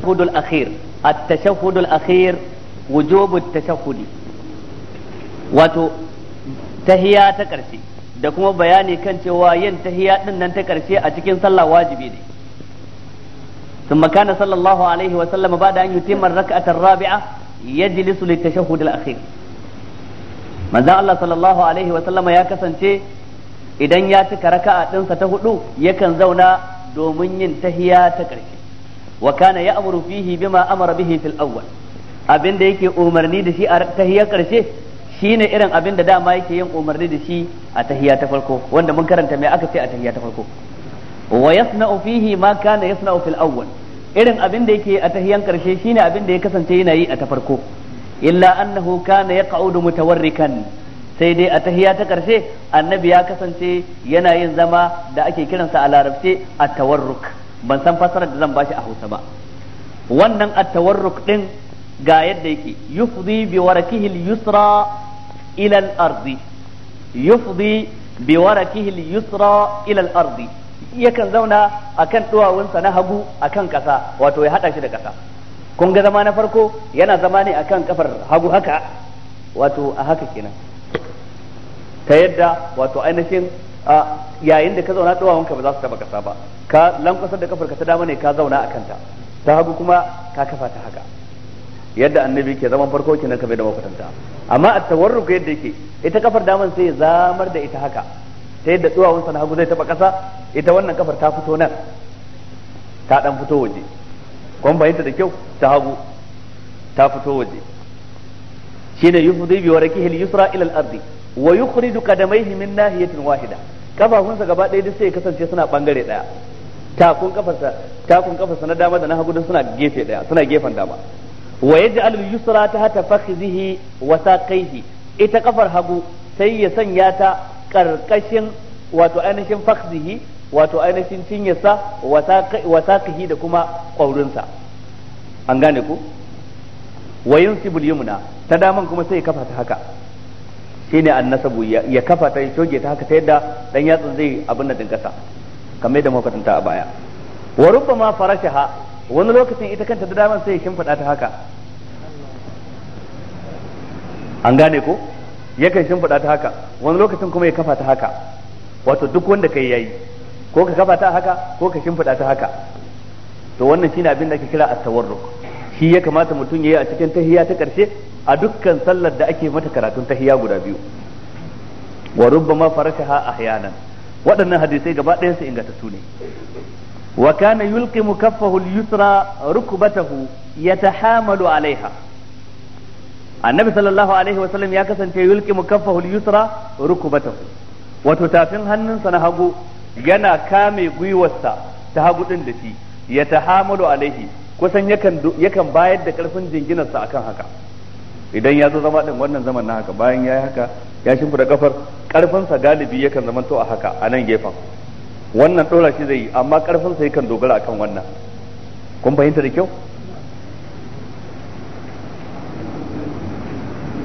التشهد الأخير التشهد الأخير وجوب التشهد wato tahiya ta ƙarshe da kuma bayani kan cewa yin tahiya din nan ta ƙarshe a cikin sallah wajibi ne ثم كان صلى الله عليه وسلم بعد أن يتم الركعة الرابعة يجلس للتشهد الأخير manzon Allah sallallahu alaihi wa sallama ya kasance idan ya cika raka'a ɗinsa ta hudu yakan zauna domin yin tahiya ta ƙarshe wa kana ya'muru fihi bima amara bihi fil awwal abin da yake umarni da shi a tahiyar karshe shine irin abin da dama yake yin umarni da shi a tahiya ta farko wanda mun karanta mai aka ce a tahiya ta farko wa yasna'u fihi ma kana yasna'u fil awwal irin abin da yake a tahiyar karshe shine abin da ya kasance yana yi a ta farko illa annahu kana yaq'udu mutawarrikan sai dai a tahiya ta karshe annabi ya kasance yana yin zama da ake kiransa a larabce at-tawarruk ban san fasarar da zan bashi a Hausa ba wannan at-tawarruk din ga yadda yake yufdi bi warakihi al-yusra ila al-ardi yufdi bi warakihi al-yusra ila al-ardi yakan zauna akan duwawunsa na hagu akan kasa wato ya hada shi da kasa kun ga zama na farko yana zama ne akan kafar hagu haka wato a haka kenan ta yadda wato ainihin a yayin da ka zauna duwawanka ba za su taba kasa ba ka lankwasar da kafarka ta dama ne ka zauna a kanta ta hagu kuma ka kafa ta haka yadda annabi ke zaman farko kenan bai da makwatanta amma a tawarruk yadda yake ita kafar daman sai ya zamar da ita haka ta yadda duwawunsa na hagu zai taba kasa ita wannan kafar ta fito nan ta dan fito waje kun bayyanta da kyau ta hagu ta fito waje shine yufdi bi warakihi al-yusra ila al-ardi wa yukhriju qadamayhi min nahiyatin wahida kafafunsa gaba ɗaya duk sai kasance suna bangare daya takun kafarsa takun kafarsa na dama da na hagu suna gefe daya suna gefen dama wa yaj'al yusra hata fakhidhihi wa saqayhi ita kafar hagu sai ya sanya ta karkashin wato ainihin fakhidhihi wato ainihin cinyarsa wa saqihi da kuma kwaurinsa an gane ku wa yunsibul yumna ta daman kuma sai ya kafa ta haka shine annasabu ya kafa ta shoge ta haka ta yadda dan yatsun zai abin da dinkasa kamar yadda muka tanta a baya wa rubbama farashaha wani lokacin ita kanta da daman sai ya shimfida ta haka an gane ko yakan shimfida ta haka wani lokacin kuma ya kafa ta haka wato duk wanda kai yayi ko ka kafa ta haka ko ka shimfida ta haka to wannan shine abin da ake kira at-tawarruk shi ya kamata mutum yayi a cikin tahiyya ta karshe a dukkan sallar da ake mata karatun tahiyya guda biyu wa rubbama farashaha ahyanan waɗannan hadisai gaba ɗayan su su ne wa kana yulqi mukaffahu al-yusra rukbatahu yatahamalu alaiha annabi sallallahu alaihi wa sallam ya kasance yulqi mukaffahu al-yusra rukbatahu wato tafin hannunsa na hagu yana kame gwiwarsa ta hagu din da shi ya alaihi kusan yakan bayar da karfin jinginarsa akan haka idan ya zo zama din wannan zaman na haka bayan ya yi haka ya shimfida kafar karfinsa galibi yakan zama to a haka a nan gefen wannan dora shi zai yi amma karfinsa yakan dogara akan wannan kun fahimta da kyau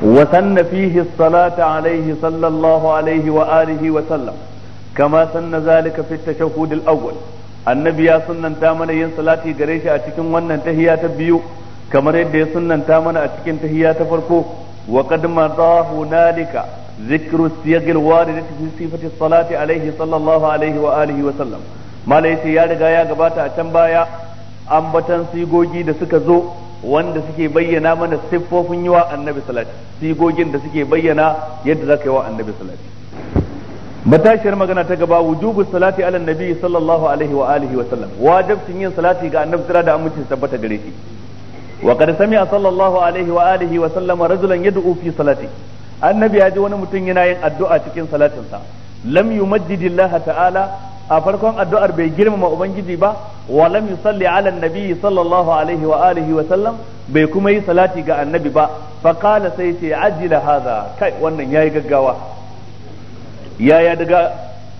وسن فيه alaihi عليه صلى wa عليه وآله وسلم كما سن ذلك في التشهد awwal annabi ya sunnanta mana yin salati gare shi a cikin wannan tahiyya ta biyu kamar yadda ya sunnanta mana a cikin tahiyya ta farko wa qad madha hunalika zikru siyagil waridati fi sifati salati alaihi sallallahu alaihi wa alihi wa sallam malai ya riga ya gabata a can baya ambatan sigogi da suka zo wanda suke bayyana mana siffofin yi wa annabi salati sigogin da suke bayyana yadda zaka yi wa annabi salati matashiyar magana ta gaba wujubu salati ala nabi sallallahu alaihi wa alihi wa sallam wajibcin yin salati ga annabi tsira da aminci tabbata gare shi wa qad sami'a sallallahu alaihi wa alihi wa sallam rajulan yad'u fi salati annabi ya ji wani mutum yana yin addu'a cikin salatinsa lam yumajjidillah ta'ala a farkon addu'ar bai girmama ubangiji ba wa lam yusalli ala nabi sallallahu alaihi wa alihi wa sallam bai kuma yi salati ga annabi ba fa qala sai ce ajila hadha kai wannan yayi gaggawa yaya daga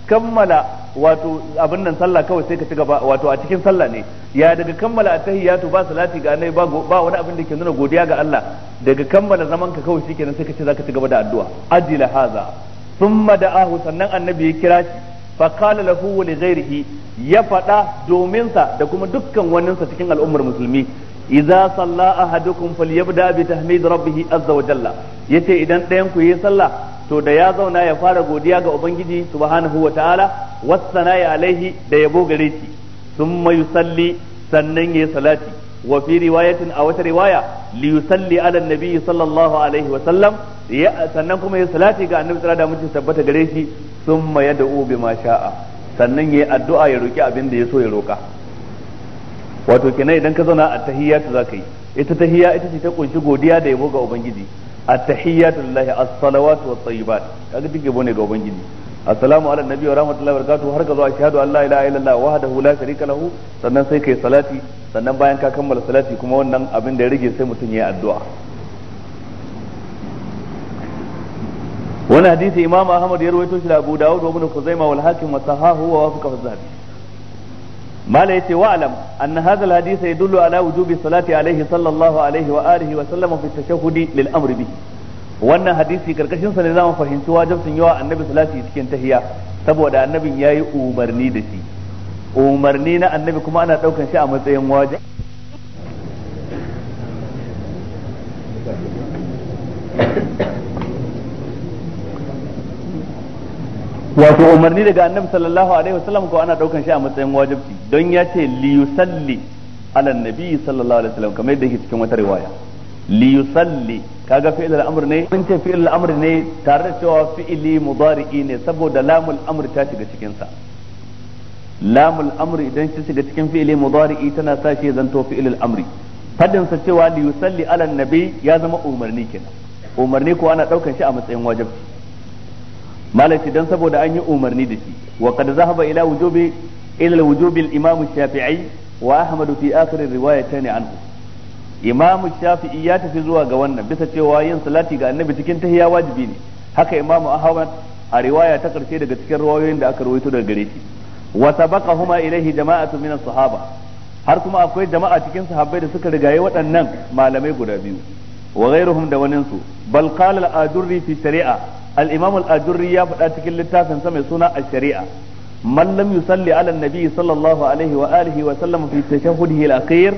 kammala wato abin nan sallah kawai sai ka ci gaba wato a cikin sallah ne ya daga kammala attahiyatu ba salati ga annabi ba ba wani abin da ke nuna godiya ga Allah daga kammala zaman ka kawai shikenan sai ka ce zaka ci gaba da addu'a ajila haza thumma da'ahu sannan annabi ya kira shi fa qala lahu wa li ghairihi ya fada domin sa da kuma dukkan waninsa cikin al'ummar musulmi idza salla ahadukum falyabda bi tahmid rabbih azza wa jalla yace idan ɗayan ku yi sallah to da ya zauna ya fara godiya ga ubangiji subhanahu wa ta'ala wassana ya alaihi da yabo gare shi thumma yusalli sannan yayi salati wa fi riwayatin a wata riwaya li yusalli ala nabi sallallahu alaihi wa sallam sannan kuma yayi salati ga annabi sallallahu alaihi wa sallam tabbata gare shi da yad'u bima sha'a sannan yayi addu'a ya roki abin da ya so ya roka wato kenan idan ka zauna a tahiyyatu zaka yi ita tahiyya ita ce ta kunshi godiya da yabo ga ubangiji at-tahiyyatu lillahi as-salawatu wat-tayyibat kaga duk yabo ne ga ubangiji assalamu ala nabiyyi wa rahmatullahi wa barakatuh har ka zo ashhadu an la ilaha illallah wahdahu la sharika lahu sannan sai kai salati sannan bayan ka kammala salati kuma wannan abin da ya rage sai mutum ya yi addu'a wani hadisi imamu ahmad ya rawaito shi da abu dawud wa ibn khuzaimah wal hakim wa sahahu wa wafaqa az-zahabi mala yace wa alam anna hadha alhadith yadullu ala wujubi salati alaihi sallallahu alaihi wa wa sallam fi tashahhudi lil wannan hadisi karkashin sa ne zamu fahimci wajen wajibin yawa annabi salati cikin tahiyya saboda annabin yayi umarni da shi umarni na annabi kuma ana ɗaukan shi a matsayin waje. wato umarni daga annabi sallallahu alaihi wasallam ko ana daukan shi a matsayin wajibi don ya ce li yusalli ala nabi sallallahu alaihi wasallam kamar yadda yake cikin wata riwaya li yusalli kaga fi'il al-amr ne mun ce fi'il al-amr ne tare da cewa fi'ili mudari'i ne saboda lamul amr ta shiga cikin sa lamul amr idan ta shiga cikin fi'ili mudari'i tana sa shi zanto fi'il al-amr fadin sa cewa li yusalli ala nabi ya zama umarni kenan umarni ko ana daukan shi a matsayin wajibi malaki dan saboda an yi umarni da shi wa kad zahaba ila wujubi ila wujubi al-imam shafi'i wa ahmad fi akhir riwayatayn anhu imam shafi'i ya tafi zuwa ga wannan bisa cewa yin salati ga annabi cikin tahiyya wajibi ne haka imam ahmad a riwaya ta karshe daga cikin riwayoyin da aka rawaito daga gare shi wa sabaqahuma ilayhi jama'atu min as-sahaba har kuma akwai jama'a cikin sahabbai da suka rigaye waɗannan malamai guda biyu wa ghayruhum da waninsu bal qala al-adurri fi shari'a al-imam al ya faɗa cikin littafin sa suna ash-shari'a man lam yusalli ala nabi sallallahu alaihi wa alihi wa sallam fi tashahhudihi al-akhir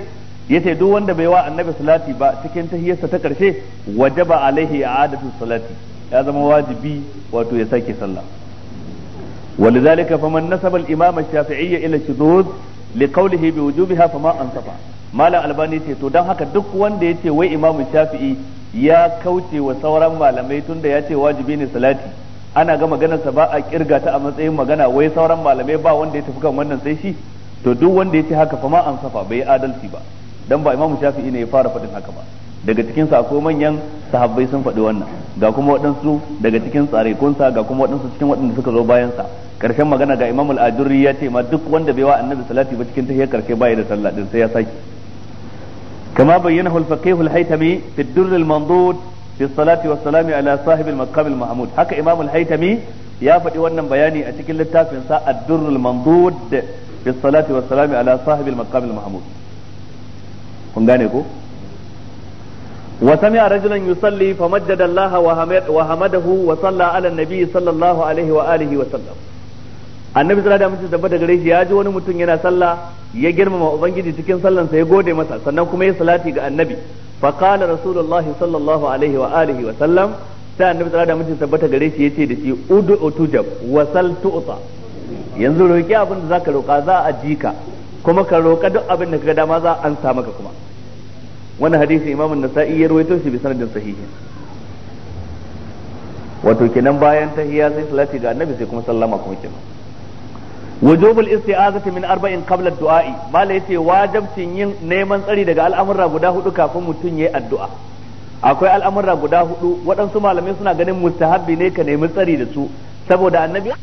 yace duk wanda bai wa annabi salati ba cikin tahiyarsa ta karshe wajaba alaihi i'adatu salati ya zama wajibi wato ya sake sallah ولذلك فمن نسب الإمام الشافعي إلى الشذوذ لقوله بوجوبها فما أنصفه malam albani ce to dan haka duk wanda ya ce wai imamu shafi'i ya kauce wa sauran malamai tunda ya ce wajibi ne salati ana ga maganarsa ba a kirga ta a matsayin magana wai sauran malamai ba wanda ya tafi kan wannan sai shi to duk wanda ya ce haka fa ma safa bai adalci ba dan ba imamu shafi'i ne ya fara faɗin haka ba daga cikin sa akwai manyan sahabbai sun faɗi wannan ga kuma waɗansu daga cikin kunsa ga kuma waɗansu cikin waɗanda suka zo bayan sa karshen magana ga imamu al-ajurri ya ce ma duk wanda bai wa annabi salati ba cikin tahiyar karshe baya da sallah din sai ya saki كما بينه الفقيه الهيثمي في الدر المنضود في الصلاة والسلام على صاحب المقام المحمود حكى إمام الهيثمي يا فدي wannan bayani a cikin littafin sa الدر المنضود في الصلاة والسلام على صاحب المقام المحمود kun gane ko وسمع رجلا يصلي فمجد الله وحمده وصلى على النبي صلى الله عليه وآله وسلم annabi sallallahu alaihi wasallam tabbata gare shi ya ji wani mutum yana sallah ya girmama ubangiji cikin sallan sa ya gode masa sannan kuma ya salati ga annabi fa qala rasulullah sallallahu alaihi wa alihi wa sallam sai annabi sallallahu alaihi wasallam tabbata gare shi yace da shi ud'u utujab wa sal tu'ta yanzu roki abin da zaka roka za a jika kuma ka roka duk abin da kaga dama za an sa maka kuma wannan hadisi imamu nasa'i ya rawaito shi bi sanadin sahihi wato kenan bayan tahiyya sai salati ga annabi sai kuma sallama kuma kenan wujubul isti'azati min arba'in qabla du'a'i mala yace wajibcin yin neman tsari daga al'amurra guda hudu kafin mutum yayi addu'a akwai al'amurra guda hudu waɗansu malamai suna ganin mustahabbi ne ka nemi tsari da su saboda annabi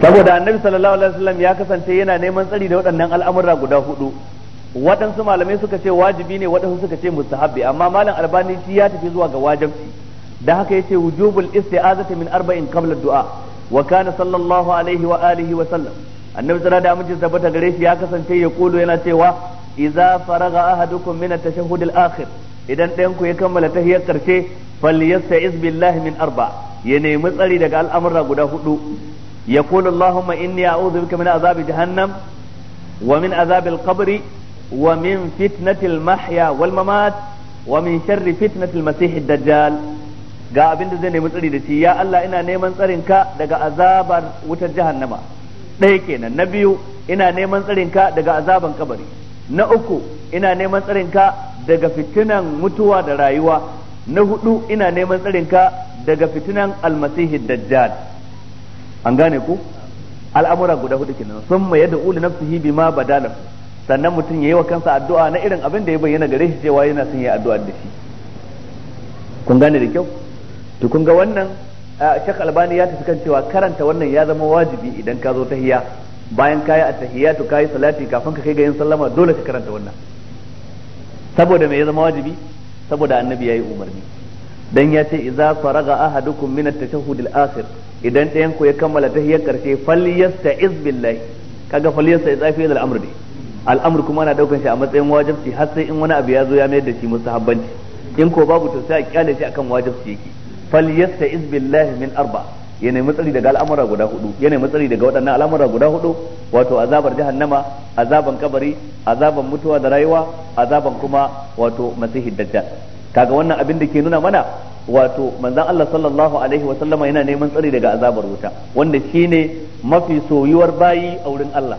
saboda annabi sallallahu alaihi wasallam ya kasance yana neman tsari da waɗannan al'amurra guda hudu waɗansu malamai suka ce wajibi ne waɗansu suka ce mustahabbi amma malam albani shi ya tafi zuwa ga wajibci da haka yace wujubul isti'azati min arba'in qabla du'a wa kana sallallahu alaihi wa alihi wa sallam annabi da amince tabbata gare shi ya kasance ya kulu yana cewa idza faraga ahadukum min at-tashahhud al-akhir idan ɗayan ku ya kammala tahiyyar karshe falyasta'iz billahi min arba ya nemi tsari daga al'amura guda hudu ya kulu allahumma inni a'udhu bika min azabi jahannam wa min azabil al-qabri ومن فتنة المحيا والممات ومن شر فتنة المسيح الدجال ga abin da zai nemi tsari da shi ya Allah ina neman tsarin ka daga azabar wutar jahannama ɗaya kenan na biyu ina neman tsarin ka daga azaban kabari na uku ina neman tsarin ka daga fitinan mutuwa da rayuwa na hudu ina neman tsarin ka daga fitinan almasihi dajjal an gane ku al'amura guda hudu kenan sun ma yadda uli nafsihi ma badalahu sannan mutum ya yi wa kansa addu'a na irin abin da ya bayyana gare shi cewa yana son ya addu'a da shi kun gane da kyau to kun ga wannan shek Albani ya tafi kan cewa karanta wannan ya zama wajibi idan ka zo tahiyya bayan ka yi to ka yi salati kafin ka kai ga yin sallama dole ka karanta wannan saboda me ya zama wajibi saboda annabi yayi umarni dan ya ce idza faraga ahadukum min at-tashahhud al-akhir idan ɗayan ku ya kammala tahiyyar karshe falyasta'iz billahi kaga falyasta'iz fi al-amr dai al'amur kuma na daukan shi a matsayin wajibci har sai in wani abu ya zo ya mayar da shi mustahabbanci in ko babu to sai a kyale shi akan wajibci yake falyasta'iz billahi min arba ya nemi tsari daga al'amura guda hudu ya nemi tsari daga waɗannan al'amura guda hudu wato azabar jahannama azaban kabari azaban mutuwa da rayuwa azaban kuma wato masihi dajjal kaga wannan abin da ke nuna mana wato manzon Allah sallallahu alaihi wa yana neman tsari daga azabar wuta wanda shine mafi soyuwar bayi a wurin Allah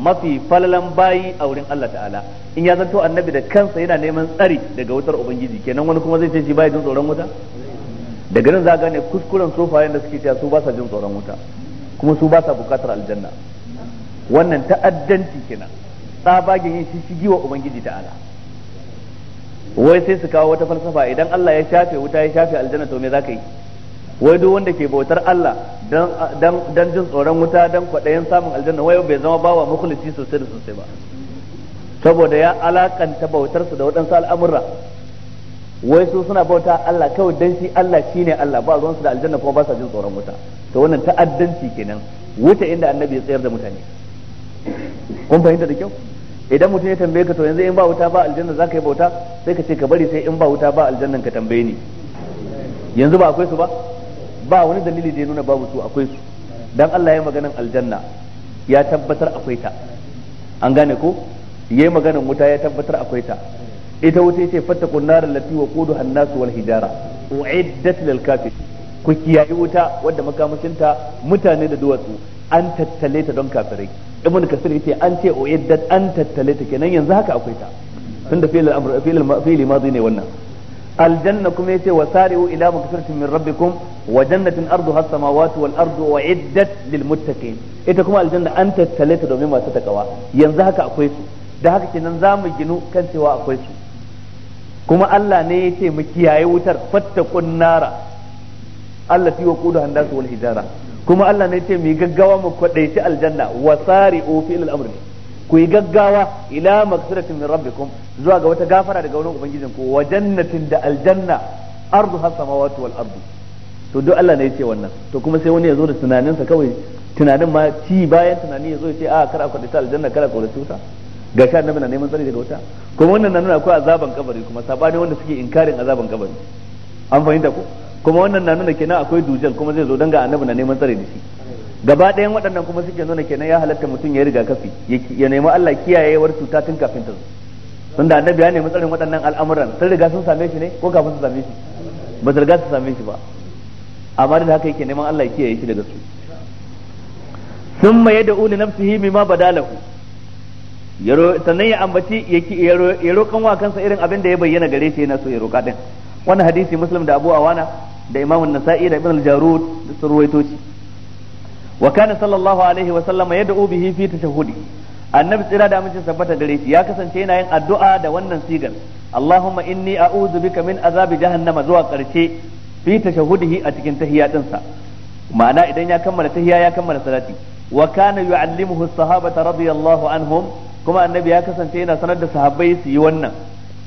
mafi falalan bayi a wurin Allah ta'ala in ya zanto annabi da kansa yana neman tsari daga wutar ubangiji kenan wani kuma zai ce shi bai jin tsoron wuta daga nan za gane kuskuren sofayen da suke cewa su ba sa jin tsoron wuta kuma su ba sa bukatar aljanna wannan ta'addanci kenan tsabagen yin shi wa ubangiji ta'ala wai sai su kawo wata falsafa idan Allah ya shafe wuta ya shafe aljanna to me za ka yi wai duk wanda ke bautar Allah dan jin tsoron wuta dan kwaɗayin samun aljanna wai bai zama bawa mukhlisi sosai da sosai ba saboda ya alakanta su da waɗansu al'amurra wai su suna bauta Allah kawai dan shi Allah shine Allah ba su da aljanna kuma ba sa jin tsoron wuta to wannan ta'addanci kenan wuta inda annabi ya tsayar da mutane kun fahimta da kyau idan mutum ya tambaye ka to yanzu in ba wuta ba aljanna zaka yi bauta sai ka ce ka bari sai in ba wuta ba aljannan ka tambaye ni yanzu ba akwai su ba ba wani dalili da ya nuna babu su akwai su dan Allah ya maganan aljanna ya tabbatar akwai ta an gane ko yayi maganan wuta ya tabbatar akwai ta ita wuta yace fattakun nar lati wa qudu hannasu wal hijara uiddat lil kafir ku kiyaye wuta wadda makamashinta mutane da duwatsu an tattale ta don kafirai ibnu kasir yace an ce uiddat an tattale ta kenan yanzu haka akwai ta tunda fi'il al-amr fi'il al madhi ne wannan aljanna kuma yace wasari'u ila magfiratin min rabbikum wa jannatin ardu as-samawati wal ardu uiddat lil muttaqin ita kuma aljanna an tattale ta domin masu takawa yanzu haka akwai su da haka kenan zamu mu ginu kan cewa akwai su kuma Allah ne yace mu kiyaye wutar fattakun nara allati waquduha an-nasu wal hijara kuma Allah ne yace mu gaggawa mu kwadaici aljanna wasari'u fi al-amri ku yi gaggawa ila maghfiratin min rabbikum zuwa ga wata gafara daga wurin ubangijin ku wa jannatin da aljanna ardu has samawati wal ardu to duk Allah ne yace wannan to kuma sai wani ya zo da tunanin sa kawai tunanin ma ci bayan tunani ya zo ya ce a ah, kar a ta aljanna kar a kwadata wuta ga sha annabi na neman tsari daga wuta kuma wannan na nuna akwai azaban kabari kuma sabani wanda suke inkarin azaban kabari an fahimta ko kuma wannan na nuna kenan akwai dujal kuma zai zo danga annabi na neman tsari da shi gaba ɗayan waɗannan kuma suke nuna kenan ya halatta mutum ya riga kafi ya nemi Allah kiyayewar cuta tun kafin ta zo sun da annabi ya nemi tsarin waɗannan al'amuran sun riga sun same shi ne ko kafin su same shi ba su riga su same shi ba amma da haka yake neman Allah ya kiyaye shi daga su summa yad'u li nafsihi mimma badalahu sannan ya ambaci ya roƙan wa kansa irin abin da ya bayyana gare shi yana so ya roƙa din wannan hadisi muslim da abu awana da imamun nasa'i da ibn al-jarud da surwaito shi Wakana kana sallallahu alaihi wa sallama yad'u bihi fi tashahhudi annabi tsira da amince sabbata gare shi ya kasance yana yin addu'a da wannan sigar allahumma inni a'udhu bika min azabi jahannama zuwa karshe fi tashahudihi a cikin tahiya tahiyatinsa ma'ana idan ya kammala tahiya ya kammala salati wa kana yu'allimuhu as-sahabata radiyallahu anhum kuma annabi ya kasance yana sanar da sahabbai su yi wannan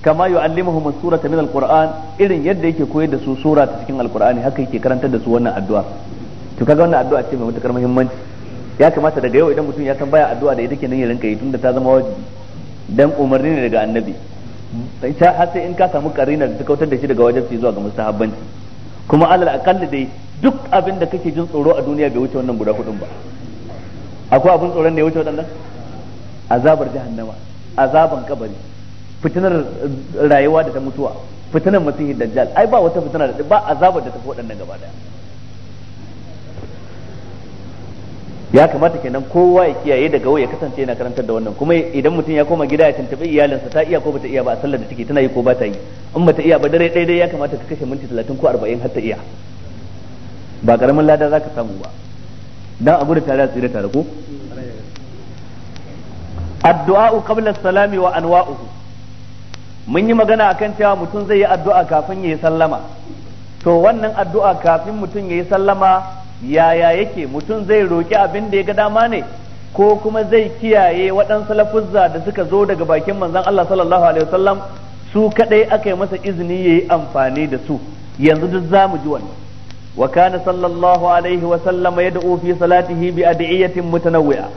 kama yu'allimuhum as-surata min al-qur'an irin yadda yake koyar da su sura ta cikin al-qur'ani haka yake karantar da su wannan addu'a to kaga wannan addu'a ce mai matukar muhimmanci ya kamata daga yau idan mutum ya san baya addu'a da ita kenan ya rinka yi tunda ta zama wajibi dan umarni ne daga annabi ta har sai in ka samu karina da ta kautar da shi daga wajibi zuwa ga mustahabbanci kuma alal aqall dai duk abin da kake jin tsoro a duniya bai wuce wannan guda hudun ba akwai abin tsoron da ya wuce waɗannan azabar jahannama azaban kabari fitinar rayuwa da ta mutuwa fitinar masihi dajjal ai ba wata fitina da ba azabar da ta fi waɗannan gaba daya ya kamata kenan kowa ya kiyaye daga ya kasance yana karantar da wannan kuma idan mutum ya koma gida ya tantabi iyalinsa ta iya ko bata iya ba a sallar da take tana yi ko bata yi in bata iya ba dare daidai ya kamata ka kashe minti talatin ko arba'in har ta iya ba karamin lada za ka samu ba dan abu da tare a tsira tare ko addu'a qabla salami wa anwa'uhu mun yi magana akan cewa mutum zai yi addu'a kafin ya yi sallama to wannan addu'a kafin mutum ya yi sallama yaya yake mutum zai roki abin da ya ga dama ne ko kuma zai kiyaye waɗansu lafuzza da suka zo daga bakin manzon Allah sallallahu alaihi wasallam su kadai aka yi masa izini yayi amfani da su yanzu duk zamu ji wannan wa kana sallallahu alaihi wa sallama yad'u fi salatihi bi adiyatin mutanawwi'a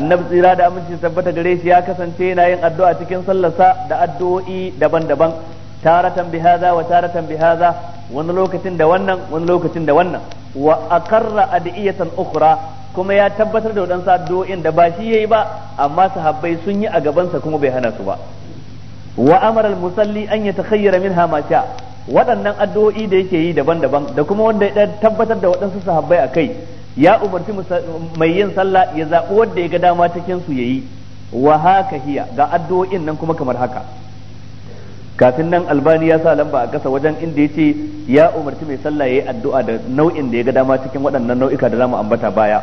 annabi tsira da aminci tabbata gare shi ya kasance yana yin addu'a cikin sallarsa da addu'o'i daban-daban taratan bi wa taratan bi wani lokacin da wannan wani lokacin da wannan wa aqarra adiyatan ukhra kuma ya tabbatar da wadansu addu'o'in da ba shi yayi ba amma sahabbai sun yi a gaban sa kuma bai hana su ba wa amara al-musalli an yatakhayyara minha ma sha waɗannan addu'o'i da yake yi daban-daban da kuma wanda ya tabbatar da waɗansu sahabbai a kai ya umarci mai yin sallah ya zaɓi wanda ya ga dama cikin su yayi wa haka hiya ga addu'o'in nan kuma kamar haka kafin nan albani ya sa lamba a kasa wajen inda ya ce ya umarci mai sallah ya yi addu'a da nau'in da ya ga dama cikin waɗannan nau'ika da zamu ambata baya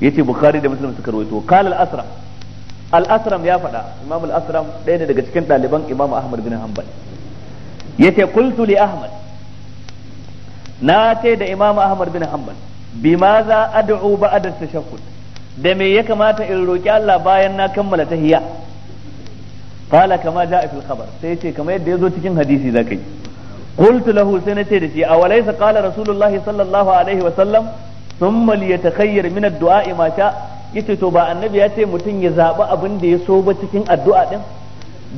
Ya ce bukhari da muslim suka rawaito qala al-asram al-asram ya faɗa imam al-asram ɗaya ne daga cikin ɗaliban imam ahmad bin hanbal ce kultu li ahmad na ce da imam ahmad bin hanbal za ad'u ba'da tashahhud da me ya kamata in roki Allah bayan na kammala tahiyya qala kama jaa fil khabar sai yace kamar yadda ya yazo cikin hadisi zakai qultu lahu sai ce da shi awalaysa kala rasulullahi sallallahu alaihi wa sallam thumma liyatakhayyar min ad-du'a ma sha yace to ba annabi ya ce mutum ya zaɓi abin da ya so ba cikin addu'a din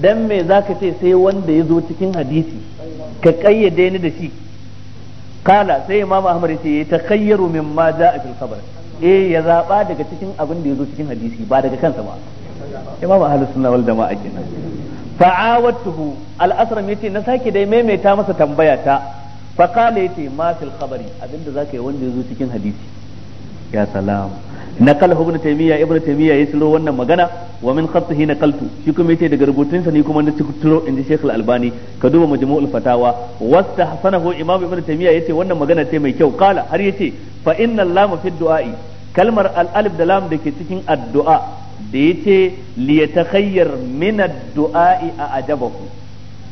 dan me zaka ce sai wanda ya zo cikin hadisi ka kayyade ni da shi kala sai ma ahmad ya ce ya takhayyaru mimma jaa fil khabar eh ya zaba daga cikin abin da ya zo cikin hadisi ba daga kansa ba imam ahlus sunna wal jama'a kenan fa'awatuhu al-asram yace na sake dai maimaita masa tambaya ta fa qala yace ma fil khabari abinda zaka yi wanda yazo cikin hadisi ya salam naqalahu ibn taymiya ibn taymiya ya siro wannan magana wa min na kaltu shi kuma yace daga rubutun sa ni kuma na turo inda Sheikh al-Albani ka duba majmu'ul fatawa wastahsanahu imam ibn taymiya yace wannan magana ce mai kyau kala har yace fa inna lama fi du'a'i kalmar al-alif da lam da ke cikin addu'a da ya ce yatakhayyar khayyar mina duai a ajabahu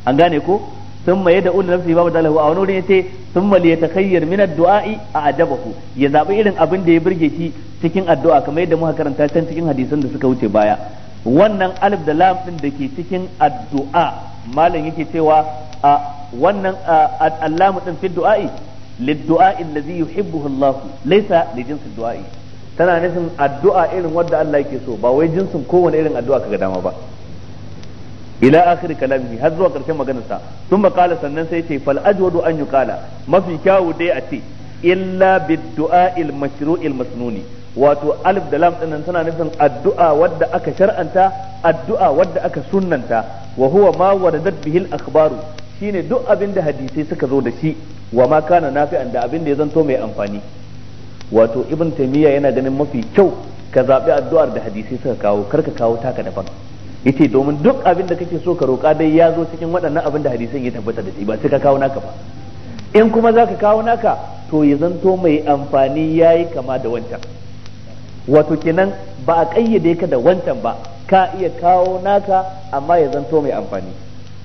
an gane ko sun yadda ulu nafsi babu dalahu a wani wurin yace sun ma yatakhayyar khayyar mina duai a ajabahu ya zabi irin abin da ya birge shi cikin addu'a kamar yadda muka karanta can cikin hadisan da suka wuce baya wannan alif da lam din da ke cikin addu'a malam yake cewa a wannan allamu din fi du'a'i lid-du'a'i allazi yuhibbuhu Allah laysa li jinsi du'a'i tana nufin addu'a irin wadda Allah yake so ba wai jinsin kowane irin addu'a kaga dama ba ila akhir kalamihi har zuwa karshen maganarsa sun makala sannan sai ce fal ajwadu an yuqala mafi kyawu dai a ce illa biddu'a il mashru'il masnuni wato alif da lam nan tana nufin addu'a wadda aka shar'anta addu'a wadda aka sunnanta wa huwa ma waradat bihi al akhbaru shine duk abinda da hadisai suka zo da shi wa ma kana nafi'an da abin da ya zanto mai amfani wato ibn taymiya yana ganin mafi kyau ka zabi addu'ar da hadisi suka kawo kar ka kawo taka daban yace domin duk abin da kake so ka roƙa dai ya zo cikin waɗannan abin da hadisin ya tabbata da shi ba sai ka kawo naka ba in kuma za ka kawo naka to ya zanto mai amfani ya yi kama da wancan wato kenan ba a ƙayyade ka da wancan ba ka iya kawo naka amma ya zanto mai amfani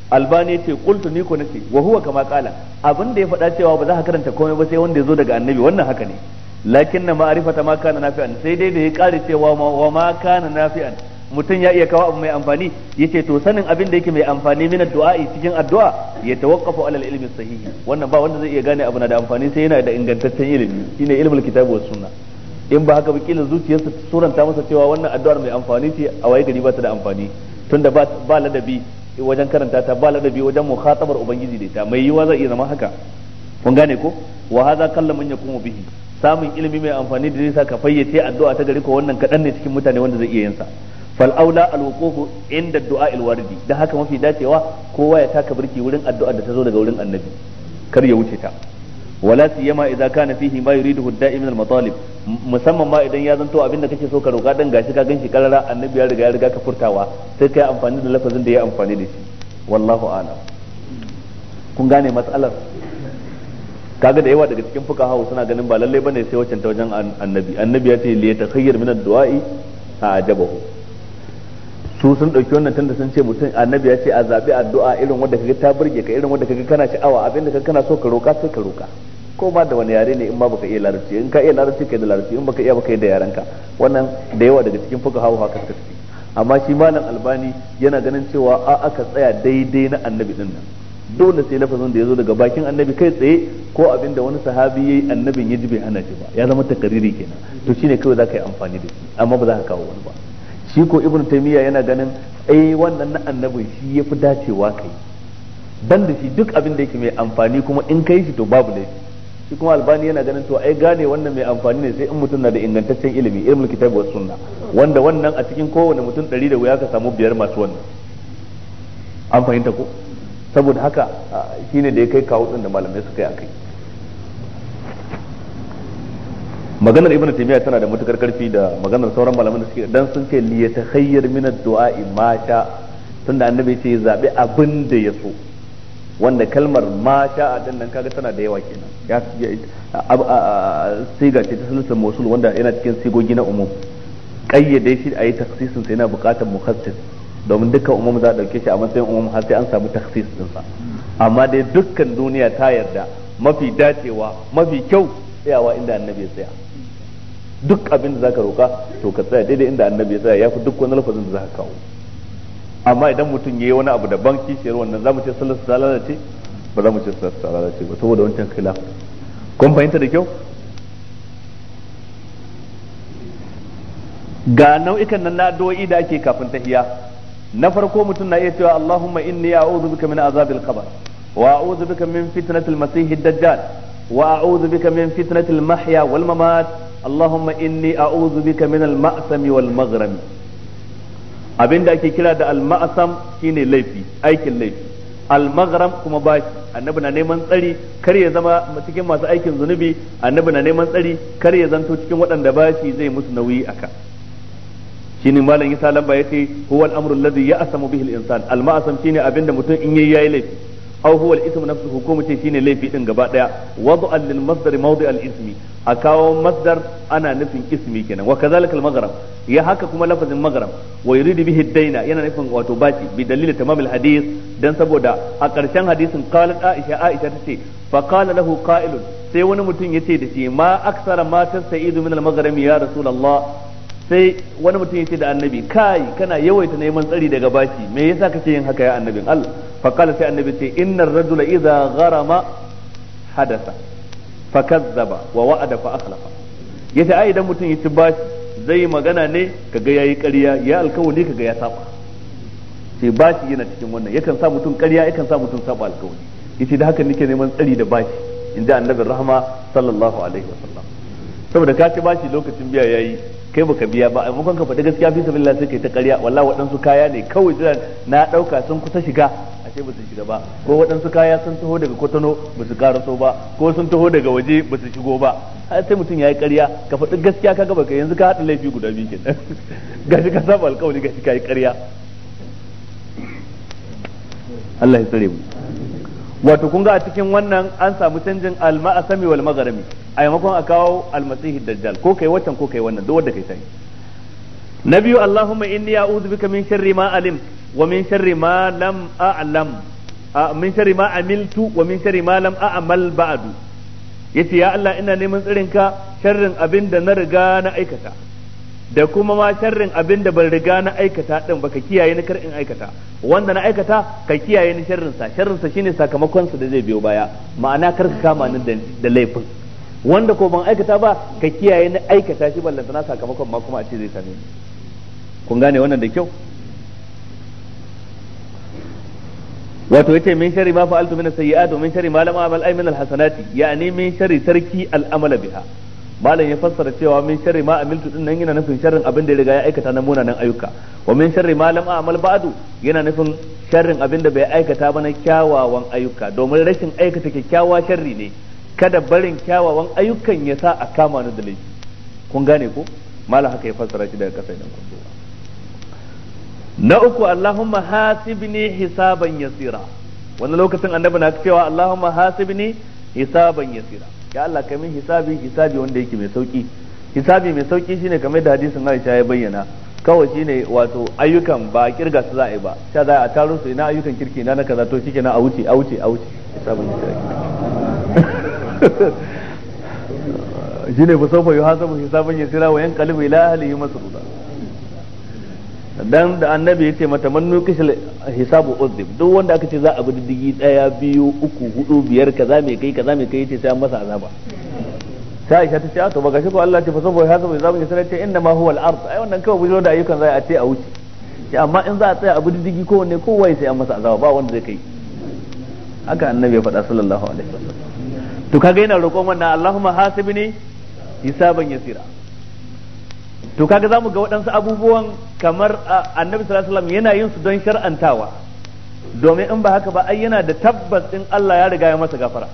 albani ce qultu ni ko nace wa huwa kama qala Abinda da ya faɗa cewa ba za ka karanta komai ba sai wanda ya zo daga annabi wannan haka ne lakin na ma'arifata ma kana nafi'an sai dai da ya kare cewa wa ma kana nafi'an mutum ya iya kawo abu mai amfani yace to sanin abin da yake mai amfani min addu'a'i cikin addu'a ya tawaqqafu alal ilmi sahihi wannan ba wanda zai iya gane abu na da amfani sai yana da ingantaccen ilimi shine ilmul kitabi was sunna in ba haka ba kila zuciyarsa suranta masa cewa wannan addu'ar mai amfani ce a waye gari ba ta da amfani tunda ba ba ladabi wajen karanta ta ba ladabi wajen mukhatabar ubangiji da ita mai yiwa zai iya zama haka kun gane ko wa hadha kallaman yakumu bihi samun ilimi mai amfani da zai sa ka fayyace addu'a ta gari ko wannan kadan ne cikin mutane wanda zai iya yin sa fal aula al wuqufu inda du'a al waridi dan haka mafi dacewa kowa ya taka birki wurin addu'a da ta zo daga wurin annabi kar ya wuce ta wala siyama idza kana fihi ma yuridu ad al-matalib musamman ma idan ya zanto abinda kake so ka roka dan gashi ka ganshi karara annabi ya riga ya riga ka furtawa sai kai amfani da lafazin da ya amfani da shi wallahu a'lam kun gane matsalar kaga da yawa daga cikin fuqaha suna ganin ba lalle bane sai wacce ta wajen annabi annabi ya ce liya takhayyar min ad-du'a'i a ajabahu su sun dauki wannan tunda sun ce mutum annabi ya ce a zabi addu'a irin wanda kaga ta burge ka irin wanda kaga kana sha'awa abinda da kana so ka roka sai ka roka ko ba da wani yare ne in ma baka iya larabci in ka iya larabci kai da larabci in baka iya baka da yarenka wannan da yawa daga cikin fuka hawa haka suka amma shi malam albani yana ganin cewa a aka tsaya daidai na annabi din nan dole sai lafazin da ya zo daga bakin annabi kai tsaye ko abin da wani sahabi yayi annabin ya ji bai hana shi ba ya zama takariri kenan to shine kawai za ka yi amfani da shi amma ba za ka kawo wani ba shi ko ibnu taymiya yana ganin eh wannan na annabin shi yafi dacewa kai Dan da shi duk abin da yake mai amfani kuma in kai shi to babu laifi shi kuma albani yana ganin to ai gane wannan mai amfani ne sai in mutum na da ingantaccen ilimi ilmul kitabi was sunna wanda wannan a cikin kowane mutum ɗari da wuya ka samu biyar masu wannan an fahimta ko saboda haka shi ne da ya kai kawo din da malamai suka yi akai maganar ibnu taymiya tana da matukar karfi da maganar sauran malaman da suke dan sun ce li yatakhayyar min ad-du'a mata tunda annabi ce zabi abin da ya so wanda kalmar mata a din kaga tana da yawa kenan ya siga ce ta sulhul mawsul wanda yana cikin sigogi na umum kayyade shi a yi taksisin sai yana bukatar mukhassis domin dukkan umum za a dauke shi a matsayin umum har sai an samu taksis dinsa amma dai dukkan duniya ta yarda mafi dacewa mafi kyau tsayawa inda annabi ya tsaya duk abin da zaka roka to ka tsaya daidai inda annabi ya tsaya yafi duk wani lafazin da zaka kawo amma idan mutum yayi wani abu daban kishiyar wannan zamu ce sallar ta lalace ba za mu ce sallar ta lalace ba saboda wancan khilaf kun fahimta da kyau ga nau'ikan nan na addu'o'i da ake kafin tahiya na farko mutum na iya cewa Allahumma inni a'udhu bika min azabil qabr wa a'udhu bika min fitnatil masiihid dajjal wa a'udhu bika min fitnatil mahya wal mamat Allahumma inni a'udhu bika min al ma'sami wal maghrami abinda ake kira da al ma'sam shine laifi aikin laifi al maghram kuma bashi annabi na neman tsari kar ya zama cikin masu aikin zunubi annabi na neman tsari kar ya zanto cikin waɗanda bashi zai musu nauyi aka shine malam isa lamba yace huwa al-amru alladhi ya'samu bihi al-insan al-ma'sam shine abinda mutum in yayi yayi laifi aw huwa al-ithmu nafsuhu ko mutum shine laifi din gaba daya wad'a lil masdar mawdi' al-ismi a kawo masdar ana nufin ismi kenan wa kadhalika al-maghrib ya haka kuma lafazin maghrib wa yuridu bihi ad-daina yana nufin wato baci bi dalil tamam al-hadith dan saboda a ƙarshen hadisin qalat aisha aisha tace fa qala lahu qa'ilun sai wani mutum yace da shi ma aksara ma tasaidu min al-maghrib ya rasulullah sai wani mutum ya ce da annabi kai kana yawaita neman tsari daga bashi me yasa kake yin haka ya annabin Allah fa qala sai annabi ce innar rajula idza gharama hadasa fa kazzaba wa wa'ada fa akhlafa yace ai idan mutum ya ci bashi zai magana ne kaga yayi ƙarya ya alkawari kaga ya saba sai bashi yana cikin wannan yakan sa mutum ƙarya yakan sa mutum saba alkawari yace da haka nake neman tsari da bashi inda annabin rahma, sallallahu alaihi wasallam saboda ka ci bashi lokacin biya yayi kai baka biya ba a mukan ka faɗi gaskiya fi sabilillah lalata kai ta ƙarya wallah waɗansu kaya ne kawai jiran na ɗauka sun kusa shiga a ce ba su shiga ba ko waɗansu kaya sun taho daga kwatano ba su karaso ba ko sun taho daga waje ba su shigo ba har sai mutum ya yi ƙarya ka faɗi gaskiya ka gaba ka yanzu ka haɗa laifi guda biyu kenan shi ka saba alƙawari shi ka yi ƙarya Allah ya tsare mu wato kun ga a cikin wannan an samu canjin al sami wal magharami a maimakon a kawo almasihi dajjal ko kai watan ko kai wannan duk wanda kai sai na biyu allahumma inni a'udhu bika min sharri ma alim wa min sharri ma lam a'lam min sharri ma amiltu wa min sharri ma lam a'mal ba'du yace ya Allah ina neman tsirin ka sharrin abin da na riga na aikata da kuma ma sharrin abin da ban riga na aikata din baka kiyaye ni kar in aikata wanda na aikata ka kiyaye ni sharrin sa sharrin sa shine sakamakon sa da zai biyo baya ma'ana kar ka kama ni da laifin wanda ko ban aikata ba ka kiyaye na aikata shi ballanta na sakamakon ma kuma a ce zai same ni kun gane wannan da kyau wato yace min shari ma fa'altu min as-sayyi'ati min shari ma lam a'mal ay min al ya'ni min shari sarki al'amala amala biha malam ya fassara cewa min shari ma amiltu din nan yana nufin sharrin abin da ya riga ya aikata na munanan ayyuka wa min shari ma lam a'mal ba'du yana nufin sharrin abin da bai aikata ba na kyawawan ayyuka domin rashin aikata kyakkyawa sharri ne kada barin kyawawan ayyukan ya sa a kama ni da laifi kun gane ko mala haka ya fassara shi daga kasa idan kun na uku Allahumma hasibni hisaban yasira wani lokacin annabi na cewa Allahumma hasibni hisaban yasira ya Allah kai min hisabi hisabi wanda yake mai sauki hisabi mai sauki shine kamar da hadisin Aisha ya bayyana kawai shine wato ayyukan ba kirga su za a yi ba sha za a taro su ina ayyukan kirki na na kaza to shikenan a wuce a wuce a wuce hisaban yasira shine fa sawfa yuhasabu hisaban yasira wa yanqalibu ila ahlihi masruda dan da annabi yace mata man kishil hisabu uzib duk wanda aka ce za a bi digi daya biyu uku hudu biyar kaza mai kai kaza mai kai yace sai an masa azaba sai Aisha ta ce ah, to baka shi ko Allah ce fa sawfa yuhasabu hisaban yasira ce inna ma huwa al-ard ai wannan kawai bujo da ayyukan zai a ce a wuce ya amma in za a tsaya a bi diddigi kowanne kowa sai an masa azaba ba wanda zai kai haka annabi ya faɗa sallallahu alaihi wasallam to kaga yana roƙon wannan Allahumma hasibni hisaban yasira to kaga zamu ga waɗansu abubuwan kamar annabi sallallahu alaihi wasallam yana yin su don shar'antawa domin in ba haka ba ai yana da tabbas din Allah ya riga ya masa gafara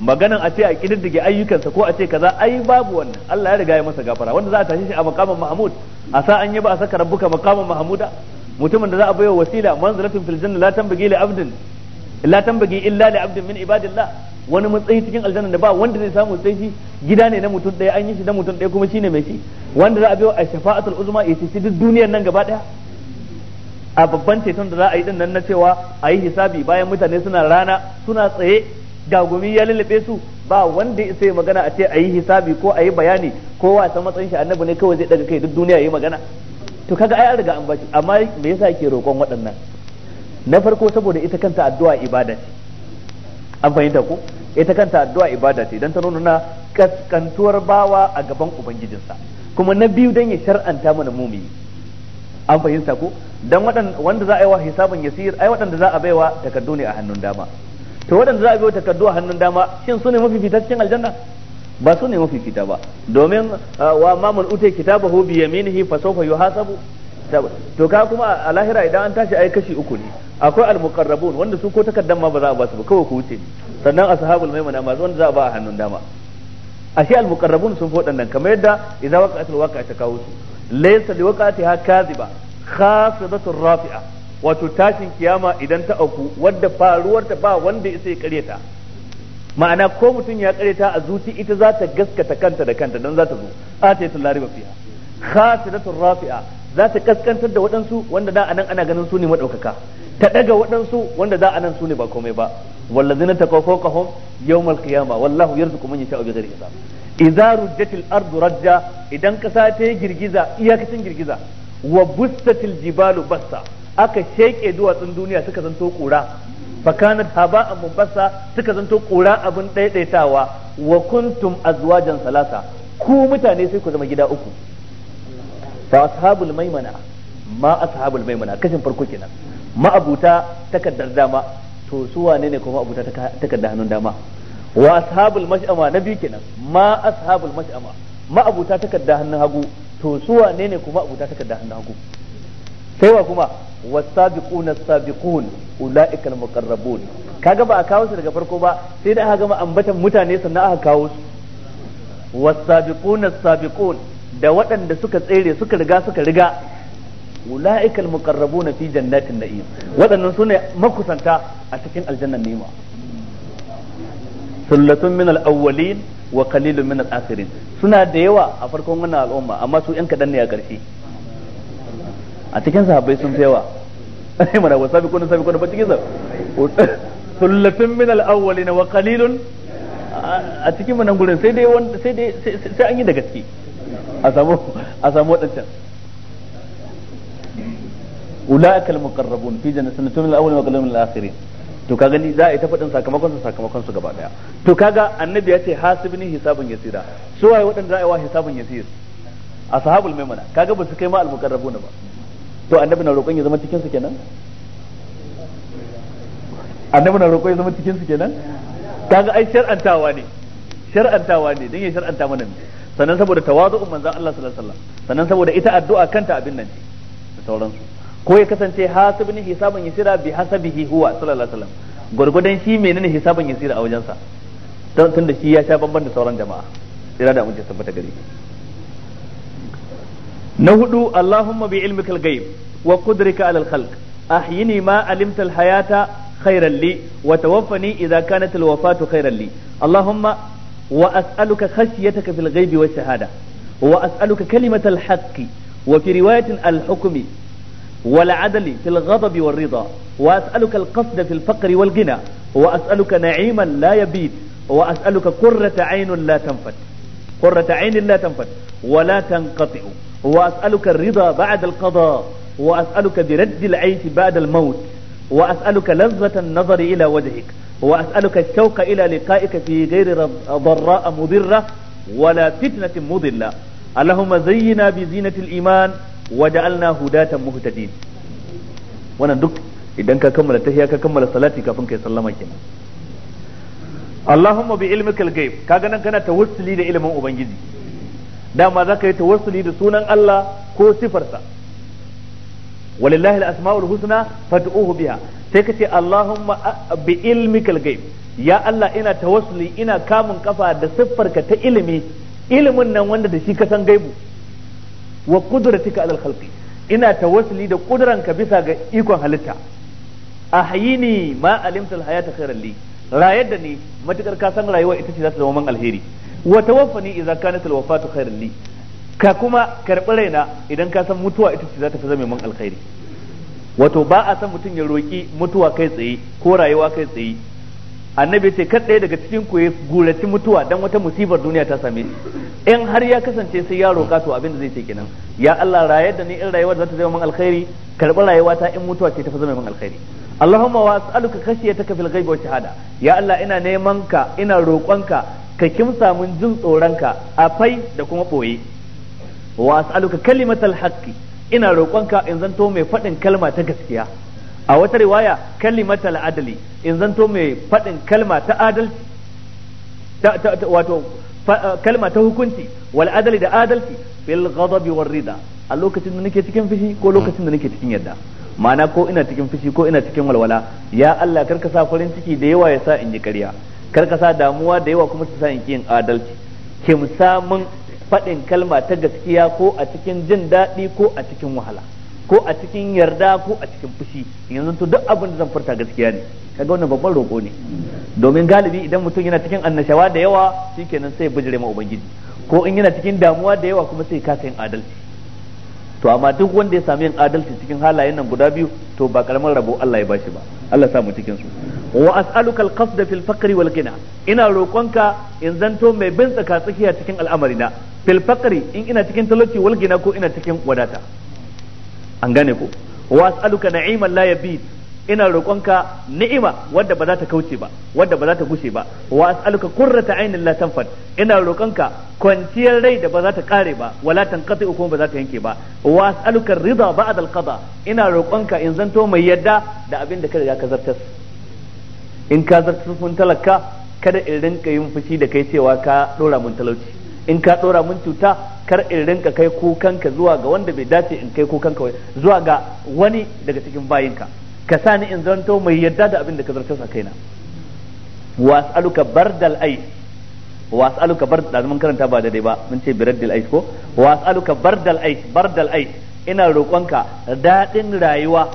maganan a ce a kididdige ayyukansa ko a ce kaza ai babu wannan Allah ya riga ya masa gafara wanda za a tashi shi a makamin Mahmud a sa an yi ba a saka rabbuka makamin Mahmuda mutumin da za a baiwa wasila manzilatin fil janna la tanbaghi li abdin la illa li abdin min ibadillah wani matsayi cikin aljanna da ba wanda zai samu sai shi gida ne na mutum ɗaya an yi shi na mutum ɗaya kuma shine mai shi wanda za a biyo a shafa'atul uzma ya ce duk duniyar nan gaba ɗaya a babban ceton da za a yi din nan na cewa a yi hisabi bayan mutane suna rana suna tsaye ga gumi ya lullube su ba wanda sai magana a ce a yi hisabi ko a yi bayani ko san matsayin shi annabi ne kawai zai daga kai duk duniya yi magana to kaga ai an riga an bashi amma me yasa yake roƙon waɗannan na farko saboda ita kanta addu'a ibada ce an fahimta ko ita kanta addu'a ibada ce dan ta nuna kaskantuwar bawa a gaban ubangijinsa kuma na biyu dan ya shar'anta mana mumini an fahimta ko dan wanda za a yi wa hisabun yasir ai wadanda za a baiwa takardu ne a hannun dama to wadanda za a baiwa takardu a hannun dama shin sune mafi fitaccen cikin aljanna ba su mafi fita ba domin ah, wa mamun utai kitabahu bi yaminihi fa sawfa yuhasabu to ka kuma a lahira idan an tashi ai kashi uku ne akwai al-muqarrabun wanda su ko takaddan ma ba za a ba su ba kawai ku wuce sannan ashabul maimuna ma wanda za a ba a hannun dama ashe al-muqarrabun sun fi waɗannan kamar yadda idza al waqi'a ta kawo su laysa liwaqa'atiha kadhiba khasidatur rafi'a wato tashin kiyama idan ta auku wadda faruwar ta ba wanda ya sai kareta ma'ana ko mutum ya kareta a zuci ita za ta gaskata kanta da kanta dan za ta zo atayatul lariba fiya khasidatur rafi'a za ta kaskantar da waɗansu wanda da anan ana ganin su ne maɗaukaka ta ɗaga waɗansu wanda da anan su ne ba komai ba wallazina taqaw fawqahum ya qiyamah wallahu yarzuqu man yasha'u bighairi hisab idza rujjatil ardu rajja idan kasa ta yi girgiza iyakacin girgiza wa bustatil jibalu bassa aka sheke duwatsun duniya suka zanto kura fakanat a mubassa suka zanto kura abin ɗaiɗaitawa wa kuntum azwajan salasa ku mutane sai ku zama gida uku fa ashabul maimana ma ashabul maimana kashin farko kenan ma'abuta takaddar dama to su wane ne kuma abuta takaddar hannun dama wa ashabul mash'ama na biyu kenan ma ashabul mash'ama ma'abuta takaddar hannun hagu to su wane ne kuma abuta takaddar hannun hagu sai wa kuma wasabiquna sabiqun ulaika almuqarrabun kaga ba a kawo su daga farko ba sai da aka gama ambatan mutane sannan aka kawo su wasabiquna sabiqun da waɗanda suka tsere suka riga suka riga ula'ikal muqarrabuna fi jannatin na'im waɗannan sune makusanta a cikin aljannan ni'ima sullatun min al-awwalin wa qalilun min al-akhirin suna da yawa a farkon wannan al'umma amma su ɗan kadan ne a ƙarshe a cikin sahabbai sun fi yawa ai mara wa sabi kuna sabi kuna ba cikin sa sullatun min al-awwalin wa qalilun a cikin wannan gurin sai dai sai dai sai an yi da gaske a samu a samu al-muqarrabun almuqarrabun fi jannatin tumil awwal wa qalamul akhirin to kaga ni za a yi ta faɗin sakamakon su sakamakon su gaba daya to kaga annabi ya ce hasibni hisabun yasira su waye waɗanda za a yi wa hisabun yasir ashabul maimuna kaga ba su kai ma al-muqarrabuna ba to annabi na roƙon ya zama cikin su kenan annabi na roƙon ya zama cikin su kenan kaga ai shar'antawa ne shar'antawa ne dan ya shar'anta mana ne sannan saboda tawazu'un manzon Allah sallallahu alaihi wasallam sannan saboda ita addu'a kanta abin nan da sauransu ko ya kasance hasibni hisaban yasira bi hasabihi huwa sallallahu alaihi wasallam gurgudan shi menene hisaban yasira a wajensa don tunda shi ya sha bamban da sauran jama'a ira da amince tabbata gare na hudu Allahumma bi ilmikal ghaib wa qudratika alal khalq ahyini ma hayata al li خيرا لي وتوفني إذا كانت الوفاة خيرا li اللهم وأسألك خشيتك في الغيب والشهادة وأسألك كلمة الحق وفي رواية الحكم والعدل في الغضب والرضا وأسألك القصد في الفقر والغنى وأسألك نعيما لا يبيد وأسألك قرة عين لا تنفت قرة عين لا تنفت ولا تنقطع وأسألك الرضا بعد القضاء وأسألك برد العيش بعد الموت وأسألك لذة النظر إلى وجهك وأسألك الشوق إلى لقائك في غير ضراء مضرة ولا فتنة مضلة اللهم زينا بزينة الإيمان وجعلنا هداة مهتدين wannan duk idan ka kammala tahiya ka kammala salati kafin kai sallama kenan Allahumma bi ilmikal ghaib kaga nan kana tawassuli da ilimin ubangiji dama zaka yi tawassuli da sunan Allah ko sifarsa walillahi al-asma'ul husna fad'uhu biha sai ka ce Allahumma bi ilmikal gaib ya Allah ina tawassuli ina kamun kafa da siffarka ta ilimi ilimin nan wanda da shi ka san gaibu wa qudratika alal khalqi ina tawassuli da ka bisa ga ikon halitta ahyini ma alimtul hayata khairan li rayar da ni matukar ka san rayuwa ita ce za ta zama man alheri wa tawaffani idza kanat wafatu khairan li ka kuma karbi raina idan ka san mutuwa ita ce za ta fi zama man alheri. wato ba a san mutum ya roƙi mutuwa kai tsaye ko rayuwa kai tsaye annabi ce kan ɗaya daga cikin ku ya mutuwa dan wata musibar duniya ta same shi in har ya kasance sai ya roƙa to abin da zai ce kenan ya Allah rayar da ni in rayuwar za ta zama min alkhairi karɓi rayuwa ta in mutuwa ce ta zama min alkhairi as'aluka واسألك fil ghaibi wa shahada Ya Allah ina neman ka ina roƙonka ka kimsa samun jin tsoronka a fai da kuma boye wa as'aluka kalimatal haqqi ina roƙonka in zanto mai faɗin kalma ta gaskiya a wata riwaya kalimata adali in zanto mai faɗin kalma ta adalci wato eh, kalma ta hukunci wal adali da adalci bil ghadabi war rida a lokacin da nake cikin fushi ko lokacin da nake cikin yadda ma'ana ko ina cikin fushi ko ina cikin walwala ya Allah karka sa farin ciki da yawa ya sa in yi ƙarya karka sa damuwa da yawa kuma su sa in yin adalci kimsa mun faɗin kalma ta gaskiya ko a cikin jin daɗi ko a cikin wahala ko a cikin yarda ko a cikin fushi yanzu to duk abin da zan furta gaskiya ne kaga wannan babban roƙo ne domin galibi idan mutum yana cikin annashawa da yawa shikenan sai bijire ma ubangiji ko in yana cikin damuwa da yawa kuma sai kasa yin adalci to amma duk wanda ya sami yin adalci cikin halayen nan guda biyu to ba karaman rabo Allah ya bashi ba Allah sa mu cikin su wa as'aluka al-qasd fil faqr wal ghina ina roƙonka in zanto mai bin tsaka tsakiya cikin al'amarina fil faqri in ina cikin talauci wal gina ko ina cikin wadata an gane ku. wa as'aluka na'iman la yabid ina roƙonka ni'ima wadda ba za ta kauce ba wadda ba za ta gushe ba wa as'aluka qurrata aynin la tanfad ina roƙonka kwanciyar rai da ba za ta kare ba wala tanqati kuma ba za ta yanke ba wa as'aluka ridha ba'da al-qada ina roƙonka in zanto mai yadda da abin da ka riga ka zartas in ka zartas mun talaka kada in rinka yin fushi da kai cewa ka dora mun talauci in ka dora mun cuta kar in rinka kai kukanka zuwa ga wanda bai dace in kai kukanka zuwa ga wani daga cikin bayinka ka sa ni in zanto mai yadda da abin da ka zartar sa kaina was'aluka bardal ai was'aluka bardal da mun karanta ba daidai ba mun ce biraddil ai ko was'aluka bardal ai bardal ai ina roƙonka daɗin rayuwa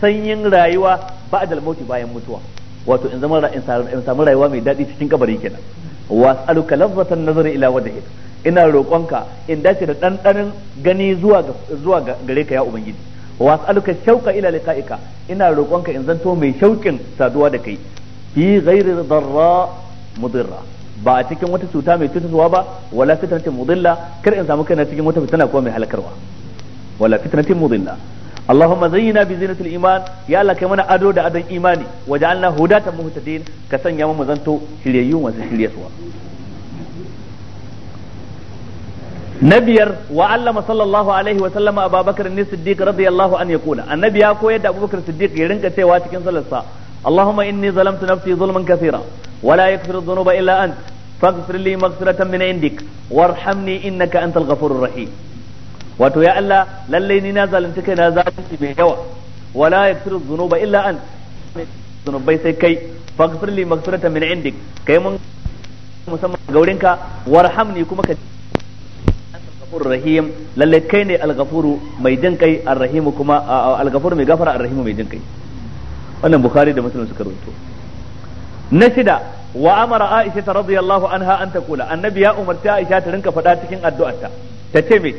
sanyin rayuwa ba'dal mauti bayan mutuwa wato in zama in samu rayuwa mai daɗi cikin kabari kenan was'aluka nazarin nazari ila wajhik ina roƙonka in dace da ɗanɗanin gani zuwa gare ka ya ubangiji was'aluka shauqa ila liqa'ika ina roƙonka in zanto mai shauƙin saduwa da kai fi ghairi mudirra ba a cikin wata cuta mai cutarwa ba wala fitnatin mudilla kar in samu kaina cikin wata fitna ko mai halakarwa wala fitnatin mudilla Allahumma zayyina bi zinatil iman ya Allah mana ado da adon imani waja'alna hudatan muhtadin ka sanya mu zanto shiryayyun wasu shiryasuwa na biyar wa allama sallallahu alaihi wa sallama abubakar ne siddiq radiyallahu an ya kula annabi ya koyar da abubakar siddiq ya rinka cewa cikin salarsa allahumma inni zalamtu nafsi zulman kathira wa la yaghfiru dhunuba illa ant faghfir li maghfiratan min indik warhamni innaka antal ghafurur rahim wato ya Allah lalle ni na zalunci kai na zalunci mai yawa wala yaghfiru dhunuba illa an zunubai sai kai faghfir li maghfiratan min indik kai mun musamman gaurinka warhamni kuma ka al-ghafur rahim lalle kai ne al-ghafuru mai jin kai ar rahimu kuma al-ghafur mai gafara ar rahimu mai jin kai wannan bukhari da muslim suka rawaito na shida wa amara aisha radiyallahu anha an taqula annabi ya umarta aisha ta rinka faɗa cikin addu'arta ta ce me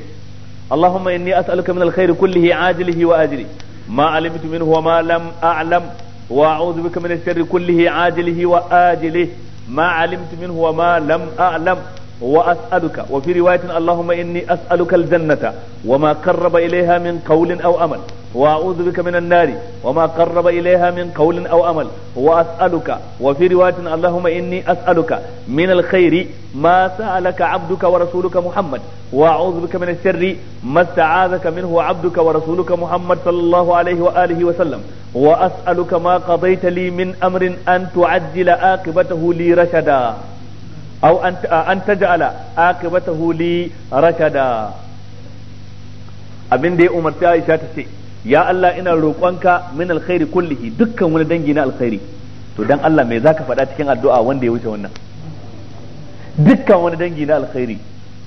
اللهم إني أسألك من الخير كله عاجله وآجله ما علمت منه وما لم أعلم وأعوذ بك من الشر كله عاجله وآجله ما علمت منه وما لم أعلم wa as'aluka wa fi riwayatin allahumma inni as'alukal jannata wa ma qarraba ilayha min qawlin aw amal wa a'udhu bika minan nari wa ma qarraba ilayha min qawlin aw amal wa as'aluka wa fi riwayatin allahumma inni as'aluka min al khairi ma sa'alaka 'abduka wa muhammad wa a'udhu bika min al sharri ma sa'alaka 'abduka wa muhammad sallallahu alayhi wa alihi wa sallam wa as'aluka ma qadayta li amrin an tu'ajjila aqibatahu li rashada aw an taj'ala huli li rakada abin da ya umarci Aisha ta ce ya Allah ina roƙonka min alkhairi kullihi dukkan wani dangi na alkhairi to dan Allah me zaka faɗa cikin addu'a wanda ya wuce wannan dukkan wani dangi na alkhairi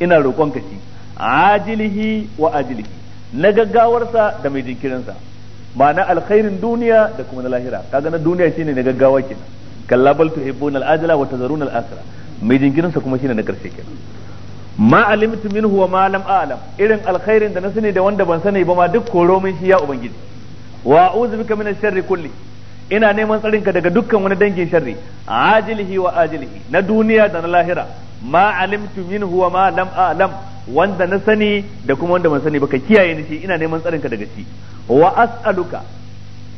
ina roƙonka shi ajilihi wa ajilihi na gaggawarsa da mai jinkirinsa mana alkhairin duniya da kuma na lahira kaga na duniya shine na gaggawa kenan kallabal tuhibbuna al wa tazaruna al mai jinkirin sa kuma shine na karshe kenan ma alimtu minhu wa ma lam a'lam irin alkhairin da na sani da wanda ban sani ba ma duk koro min shi ya ubangiji wa a'udhu bika min sharri kulli ina neman tsarin ka daga dukkan wani dangin sharri ajilihi wa ajilihi na duniya da na lahira ma alimtu minhu wa ma lam a'lam wanda na sani da kuma wanda ban sani ba ka kiyaye ni shi ina neman tsarin ka daga shi wa as'aluka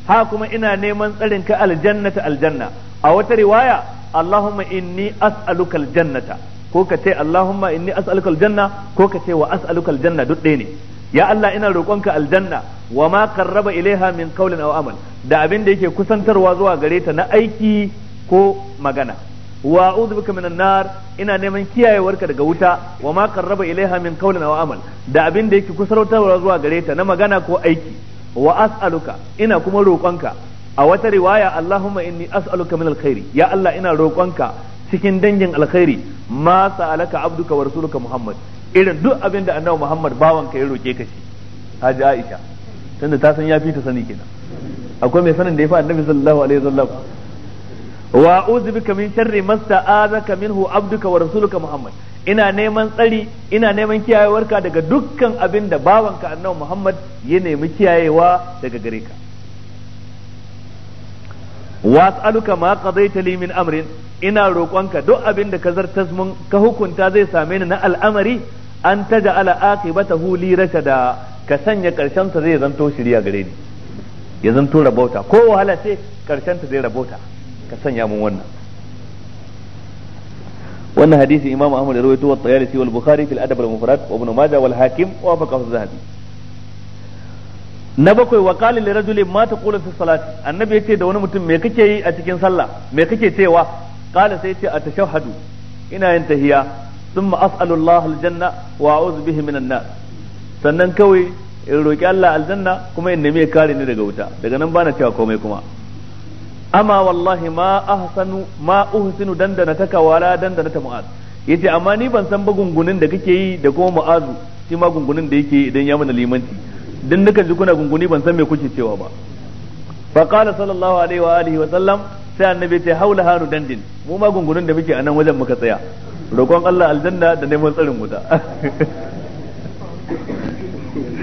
ha kuma ina neman tsarin ka aljannata aljanna a wata riwaya Allahumma inni as'aluka aljannata ko ka ce Allahumma inni as'aluka aljanna ko ka ce wa as'aluka aljanna duk ɗaya ne ya Allah ina roƙonka aljanna wa ma qarraba ilaiha min qawlin aw amal da abin da yake kusantarwa zuwa gare ta na aiki ko magana wa a'udhu bika minan nar ina neman kiyayewarka daga wuta wa ma qarraba ilaiha min qawlin aw amal da abin da yake kusantarwa zuwa gare ta na magana ko aiki wa as'aluka ina kuma roƙonka a wata riwaya Allahumma inni as'aluka min alkhairi ya Allah ina roƙonka cikin dangin alkhairi ma sa'alaka abduka wa rasuluka Muhammad irin duk abin da annabi Muhammad bawanka ya roke ka shi Haji Aisha tunda ta san ya fi ta sani kenan akwai mai sanin da ya fi annabi sallallahu alaihi wasallam wa a'udhu bika min sharri ma sta'azaka minhu abduka wa rasuluka Muhammad ina neman tsari ina neman kiyayewarka daga dukkan abin da bawanka annabi Muhammad ya nemi kiyayewa daga gare ka was'aluka ma qadaita li min amrin ina roƙonka duk abin da ka zartas mun ka hukunta zai same ni na al'amari an taj'ala aqibatahu li rashada ka sanya karshen sa zai zanto shirya gare ni ya zanto rabauta ko wahala ce karshen ta zai rabauta ka sanya mun wannan wannan hadisi imamu ahmad rawaito wa tayalisi wal bukhari fil adab al mufrad wa ibn majah wal hakim wa faqahu zahabi na bakwai wa qala li rajulin ma kula fi salati annabi ya ce da wani mutum me kake yi a cikin sallah me kake cewa kala sai ce yace hadu ina yin tahiya thumma as'alu Allah aljanna wa a'udhu bihi minan nar sannan kawai in roki Allah aljanna kuma in nemi kare ni daga wuta daga nan bana cewa komai kuma amma wallahi ma ahsanu ma uhsinu dandana taka wala dandana ta mu'az yace amma ni ban san ba da kake yi da kuma mu'azu shi ma gungunin da yake idan ya mana limanci din nuka ji kuna gunguni ban san me kuke cewa ba fa qala sallallahu alaihi wa alihi wa sallam sai annabi ce haula hanu dandin mu ma gungunin da muke a nan wajen muka tsaya roƙon Allah aljanna da neman tsarin wuta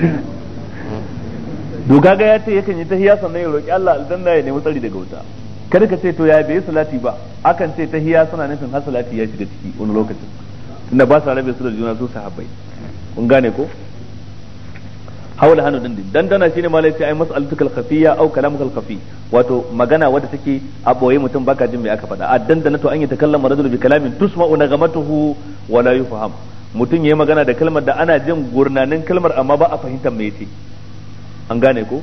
duka ga ya ce yakan yi tahiyya sannan ya roƙi Allah aljanna ya nemi tsari daga wuta kada ka ce to ya bai salati ba akan ce tahiyya suna nufin har salati ya shiga ciki wani lokacin tunda ba sa rabe su da juna su sahabbai kun gane ko haula hannu din dandana shine malai sai ai mas'alatul khafiyya au kalamul khafi wato magana wadda take a boye mutum baka jin me aka faɗa a dandana to an yi takallama rajul bi kalamin tusma'u nagamatuhu wa la yufham mutum yayi magana da kalmar da ana jin gurnanin kalmar amma ba a fahimtar me yake an gane ko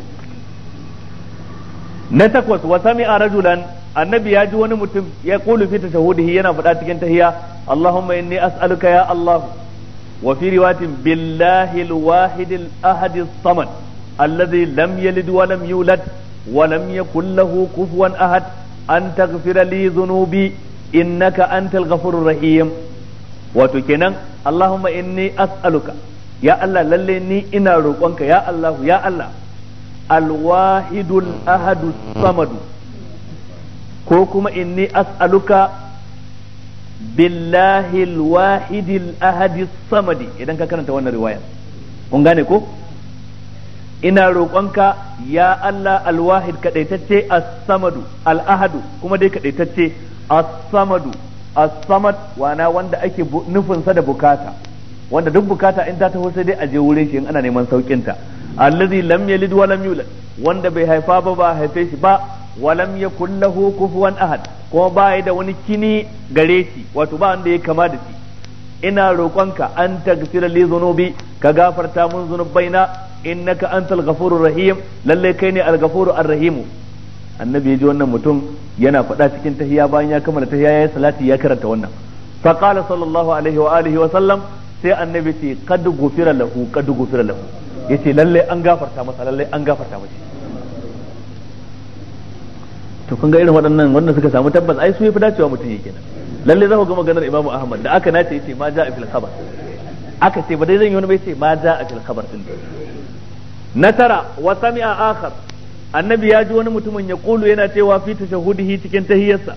na takwas wa sami'a rajulan annabi ya ji wani mutum ya kulu fi tashahudihi yana faɗa cikin tahiya allahumma inni as'aluka ya allah wa fi riwayatin billahi al lam yalid wa yulad wa lam yakul lahu ahad an taghfira li dhunubi kenan ya allah lalle ni ina roƙonka ya allah ko kuma billahi alwahidil as-samad idan ka karanta wannan riwaya kun gane ko ina roƙonka ya Allah alwahid kadaitacce as-samadu al-ahadu kuma dai kadaitacce as-samadu as-samad wana wanda ake nufin sa da bukata wanda duk bukata in ta taho sai dai a wurin shi in ana neman saukin ta allazi lam yalid wa lam yulad wanda bai haifa ba ba haife shi ba walam yakul lahu kufuwan ahad kuma ba da wani kini gare shi wato ba wanda ya kama da shi ina roƙonka an tagfir li zunubi ka gafarta mun zunubaina innaka antal ghafurur rahim lalle kai ne al ghafurur arrahim annabi ji wannan mutum yana faɗa cikin tahiya bayan ya kammala tahiya ya salati ya karanta wannan fa qala sallallahu alaihi wa alihi wa sallam sai annabi ce kad gufira lahu kad gufira lahu yace lalle an gafarta masa lalle an gafarta masa to kun ga irin waɗannan wanda suka samu tabbas ai su yafi dacewa mutum yake nan lalle za ku ga maganar Imam Ahmad da aka nace yace ma ja'a fil khabar aka ce ba dai zan yi wani bai ce ma ja'a fil khabar din na tara wa sami'a akhar annabi ya ji wani mutumin ya kulu yana cewa fi tashahudihi cikin tahiyyarsa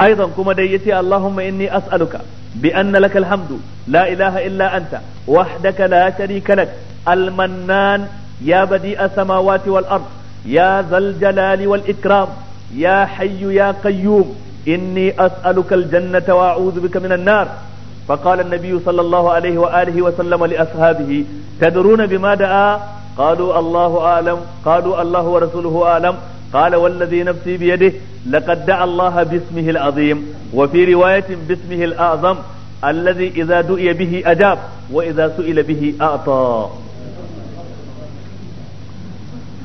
aidan kuma dai yace Allahumma inni as'aluka bi anna lakal hamdu la ilaha illa anta wahdaka la sharika lak al ya badi as-samawati wal ardh يا ذا الجلال والإكرام يا حي يا قيوم إني أسألك الجنة وأعوذ بك من النار فقال النبي صلى الله عليه وآله وسلم لأصحابه تدرون بما دعا قالوا الله أعلم قالوا الله ورسوله أعلم قال والذي نفسي بيده لقد دعا الله باسمه العظيم وفي رواية باسمه الأعظم الذي إذا دعي به أجاب وإذا سئل به أعطى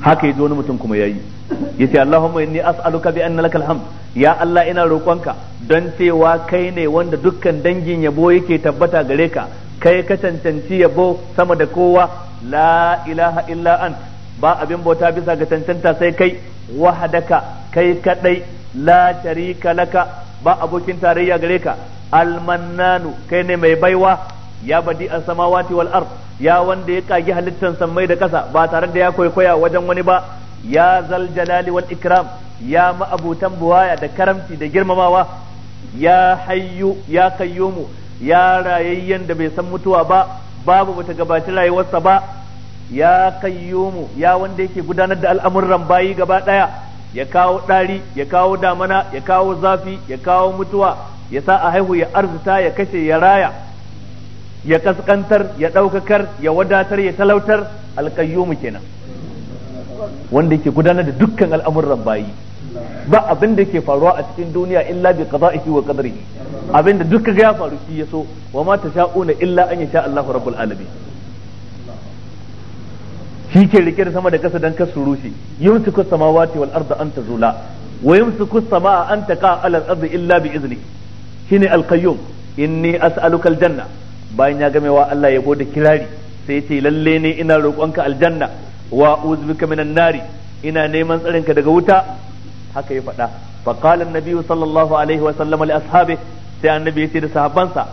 haka yaji wani mutum kuma yayi yace Allahumma inni as'aluka bi anna lakal hamd ya Allah ina roƙonka don cewa kai ne wanda dukkan dangin yabo yake tabbata gare ka kai ka cancanci yabo sama da kowa la ilaha illa ant ba abin bauta bisa ga cancanta sai kai wahadaka kai kadai la sharika laka ba abokin tarayya gare ka almannanu kai ne mai baiwa ya badi an samawati wal ard ya wanda ya kagi halittan sammai da kasa ba tare da ya kwaikwaya wajen wani ba ya zal jalali wal ikram ya ma'abutan buwaya da karamci da girmamawa ya hayyu ya kayyumu ya rayayyen da bai san mutuwa ba babu bata gabaci rayuwarsa ba ya kayyumu ya wanda yake gudanar da al'amuran bayi gaba daya ya kawo dari ya kawo damana ya kawo zafi ya kawo mutuwa ya sa a haihu ya arzuta ya kashe ya raya ya kaskantar ya ɗaukakar ya wadatar ya talautar alƙayyumu kenan wanda yake gudanar da dukkan al'amuran bayi ba abin da ke faruwa a cikin duniya illa bi qada'ihi wa qadrihi abin da dukkan ya faru shi yaso wa ma tasha'una illa an yasha Allahu rabbul alamin shi ke rike da sama da kasa dan kasu rushe yumsiku samawati wal arda an tazula wa yumsiku samaa an taqa al ardi illa bi izni shine al qayyum inni as'aluka al janna bayan ya game wa Allah ya bude kirari sai ya ce lalle ne ina roƙonka aljanna wa uzbika minan nari ina neman tsarinka daga wuta haka ya faɗa fa qala an-nabi sallallahu alaihi wa sallam li ashabi sai annabi ya ce da sahabbansa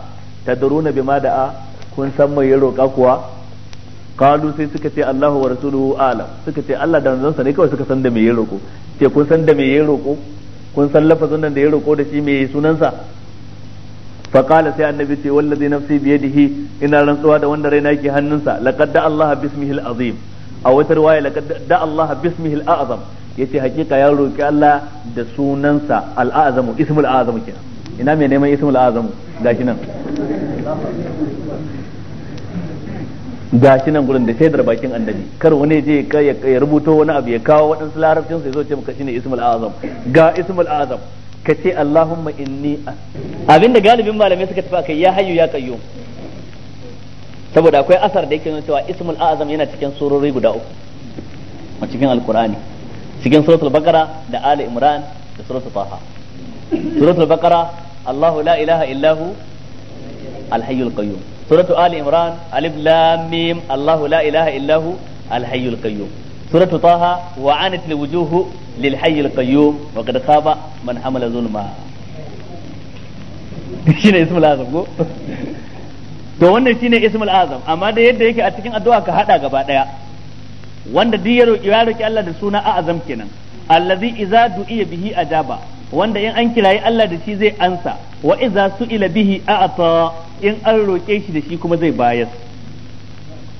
tadruna bima da'a kun san mai ya roƙa kuwa kalu sai suka ce Allahu wa rasuluhu alam suka ce Allah da manzon sa ne kawai suka san da me ya roƙo ce kun san da me ya roƙo kun san lafazin nan da ya roƙo da shi me sunansa فقال سي النبي سي والذي نفسي بيده إن رنسوا دا وند رينا da هننسا لقد دع الله باسمه العظيم أو رواية لقد دع الله باسمه الأعظم yace hakika ya roki Allah da sunansa al'azamu ismul azamu kenan ina mai neman ismul azamu gashi nan gashi nan gurin da shaidar bakin annabi kar wani je ya rubuto wani abu ya kawo waɗansu larabcin sai zo ce maka shine ismul azam ga ismul azam ka ce Allahumma inni abinda galibin malamai suka tafi akai ya hayyu ya qayyum saboda akwai asar da yake nuna cewa ismul azam yana cikin surori guda uku a cikin alqur'ani cikin suratul baqara da ali imran da suratul taha suratul baqara Allahu la ilaha illahu alhayyul qayyum suratul ali imran alif lam mim Allahu la ilaha illahu alhayyul qayyum سورة طه وعانت الوجوه للحي القيوم وقد خاب من حمل ظلما shine ismul azam ko to wannan shine ismul azam amma da yadda yake a cikin addu'a ka hada gaba daya wanda duk ya roki ya roki Allah da suna azam kenan allazi iza du'iya bihi ajaba wanda in an kirayi Allah da shi zai ansa wa iza su'ila bihi a'ta in an roke shi da shi kuma zai bayar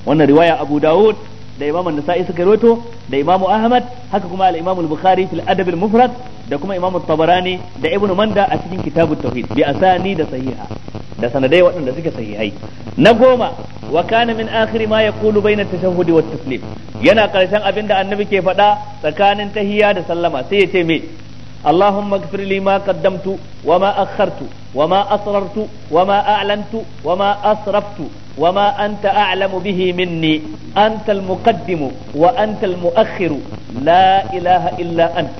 wannan riwaya Abu Dawud da imamu nasa'i suka rawaito da imamu ahmad haka kuma al-imamu al-bukhari fil adab al-mufrad da kuma imamu tabarani da ibnu manda a cikin kitabut tauhid bi asani da sahiha da sanadai waɗanda suke sahihai na goma wa kana min akhir ma yaqulu bayna tashahhudi wat taslim yana karshen abinda annabi ke faɗa tsakanin tahiyya da sallama sai ya ce me اللهم اغفر لي ما قدمت وما أخرت وما أسررت وما أعلنت وما أسرفت وما أنت أعلم به مني أنت المقدم وأنت المؤخر لا إله إلا أنت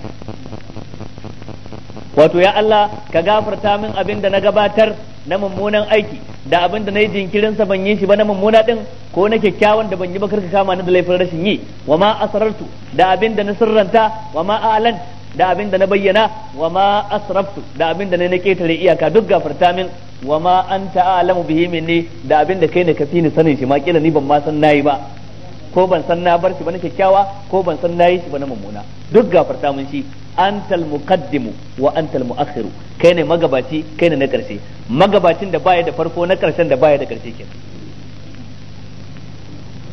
wato ya Allah ka gafarta min abin da na gabatar na mummunan aiki da abin da na yi jinkirin sa ban yi shi ba na mummuna din ko na kyakkyawan da ban yi ba karka kama ni da laifin rashin yi wa ma asrartu da abin da na sirranta wa ma alan da abin da na bayyana wa ma asraftu da abin da na na ketare iyaka duk gafarta min wa ma ta'a a'lamu bihi minni da abin da kai ne fi ni sanin shi ma kila ni ban ma san nayi ba ko ban san na bar shi ba na kyakkyawa ko ban san nayi shi ba na mummuna duk gafarta mun shi antal muqaddimu wa antal muakhiru kai ne magabaci kai ne na karshe magabacin da baya da farko na karshen da baya da karshe kenan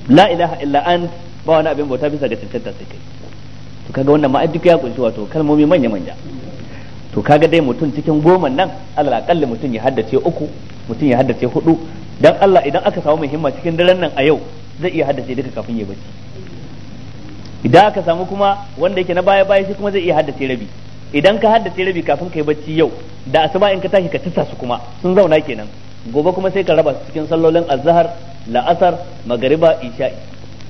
la ilaha illa ant ba wani abin bauta bisa ga cancanta sai kai to kaga wannan ma duk ya kunshi wato kalmomi manya manya to kaga dai mutum cikin goma nan alal akalli mutum ya haddace uku mutum ya haddace hudu dan Allah idan aka samu muhimma cikin daren nan a yau zai iya haddace duka kafin ya bacci idan aka samu kuma wanda yake na baya baya shi kuma zai iya haddace rabi idan ka haddace rabi kafin kai bacci yau da asuba in ka tashi ka tisa su kuma sun zauna kenan gobe kuma sai ka raba su cikin sallolin azhar la'asar magariba isha'i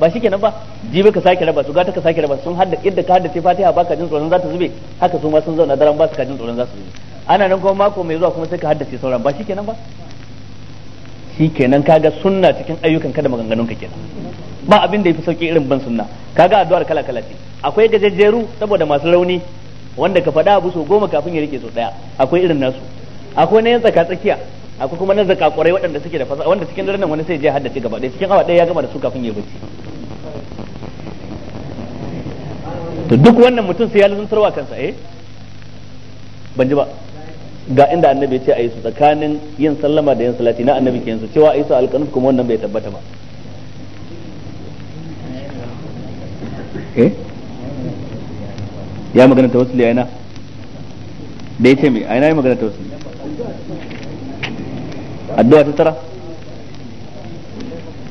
ba shi kenan ba jibi ka sake raba su gata ka sake raba sun hadda idda ka haddace fatiha ba ka jin tsoron za ta zube haka su ma sun zauna daren ba su ka jin tsoron za su zube ana nan kuma mako mai zuwa kuma sai ka haddace sauran ba shi kenan ba shi kenan kaga sunna cikin ayyukan ka da maganganun ka kenan ba abin da yafi sauki irin ban sunna kaga addu'ar kala kala ce akwai gajejjeru saboda masu rauni wanda ka faɗa abu so goma kafin ya rike so daya akwai irin nasu akwai na yan tsaka tsakiya akwai kuma na zakakurai waɗanda suke da fasa wanda cikin daren nan wani sai je haddace gaba ɗaya cikin awa ɗaya ya gama da su kafin ya bacci to duk wannan mutum sai ya wa kansa eh ban ji ba ga inda annabi ya ce ayi su tsakanin yin sallama da yin salati na annabi ke yanzu cewa ayi su alƙanuf kuma wannan bai tabbata ba eh ya magana ta wasu liyana da ya ce me aina ya magana ta wasu addu'a ta tara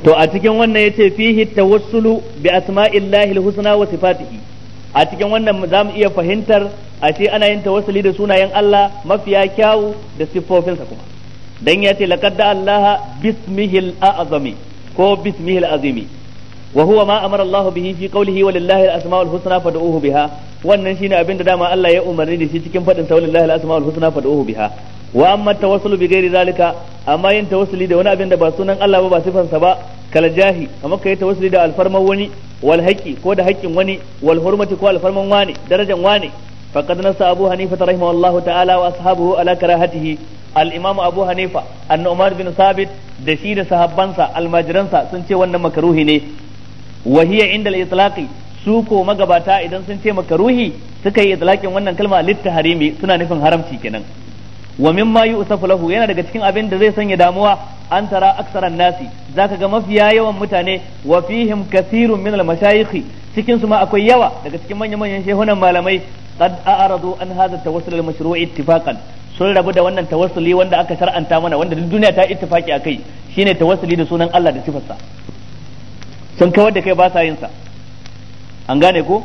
to a cikin wannan ya ce fihi tawassulu bi asma'illahi alhusna wa sifatihi a cikin wannan za mu iya fahimtar ce ana yin tawassuli da sunayen Allah mafiya kyawu da siffofinsa kuma dan ya ce laqad da Allah bismihil a'zami ko bismihil azimi wa huwa ma amara Allah bihi fi qawlihi walillahi al-asmaul husna fad'uhu biha wannan shine abin da dama Allah ya umarni da shi cikin fadin sa walillahi al-asmaul husna fad'uhu biha wa amma tawassulu bi ghairi zalika amma yin tawassuli da wani abin da ba sunan Allah ba ba sifansa ba kal jahi amma kai tawassuli da alfarmar wani wal ko da haƙƙin wani wal hurmati ko alfarman wani darajan wani faqad nasa abu hanifa rahimahullahu ta'ala wa ashabuhu ala karahatihi al imam abu hanifa an bin sabit da shi da sahabbansa almajiransa sun ce wannan makaruhi ne wa hiya inda al-itlaqi su ko magabata idan sun ce makaruhi suka yi itlaqin wannan kalma harimi suna nufin haramci kenan wa mimma yu'safu lahu yana daga cikin abin da zai sanya damuwa an tara aksaran nasi zaka ga mafiya yawan mutane wa fihim kathirun min al-mashayikh cikin su ma akwai yawa daga cikin manyan manyan shehunan malamai qad a'radu an hadha tawassul al-mashru' ittifaqan sun rabu da wannan tawassuli wanda aka shar'anta mana wanda duk duniya ta ittifaki akai shine tawassuli da sunan Allah da sifarsa sun kawar da kai ba sa yin sa an gane ko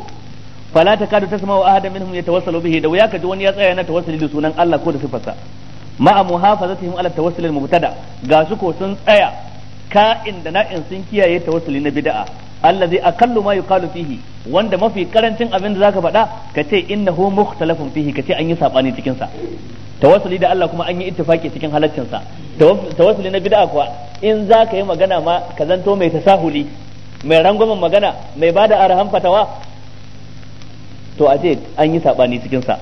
fala ta tasma wa ahadan minhum yatawassalu bihi da wuya kaji wani ya tsaya yana tawassuli da sunan Allah ko da sifarsa ma'a muhafazatihim ala tawassul al mubtada ga su ko sun tsaya ka'in da na'in sun kiyaye tawassuli na bid'a allazi akallu ma yuqalu fihi wanda mafi karancin abin da zaka faɗa ka ce innahu mukhtalafun fihi ka ce an yi sabani cikin sa tawassuli da Allah kuma an yi ittifaki cikin halaccin sa tawassuli na bid'a kuwa in zaka yi magana ma ka zanto mai tasahuli mai rangwamen magana mai bada arahan fatawa to a ce an yi sabani cikin sa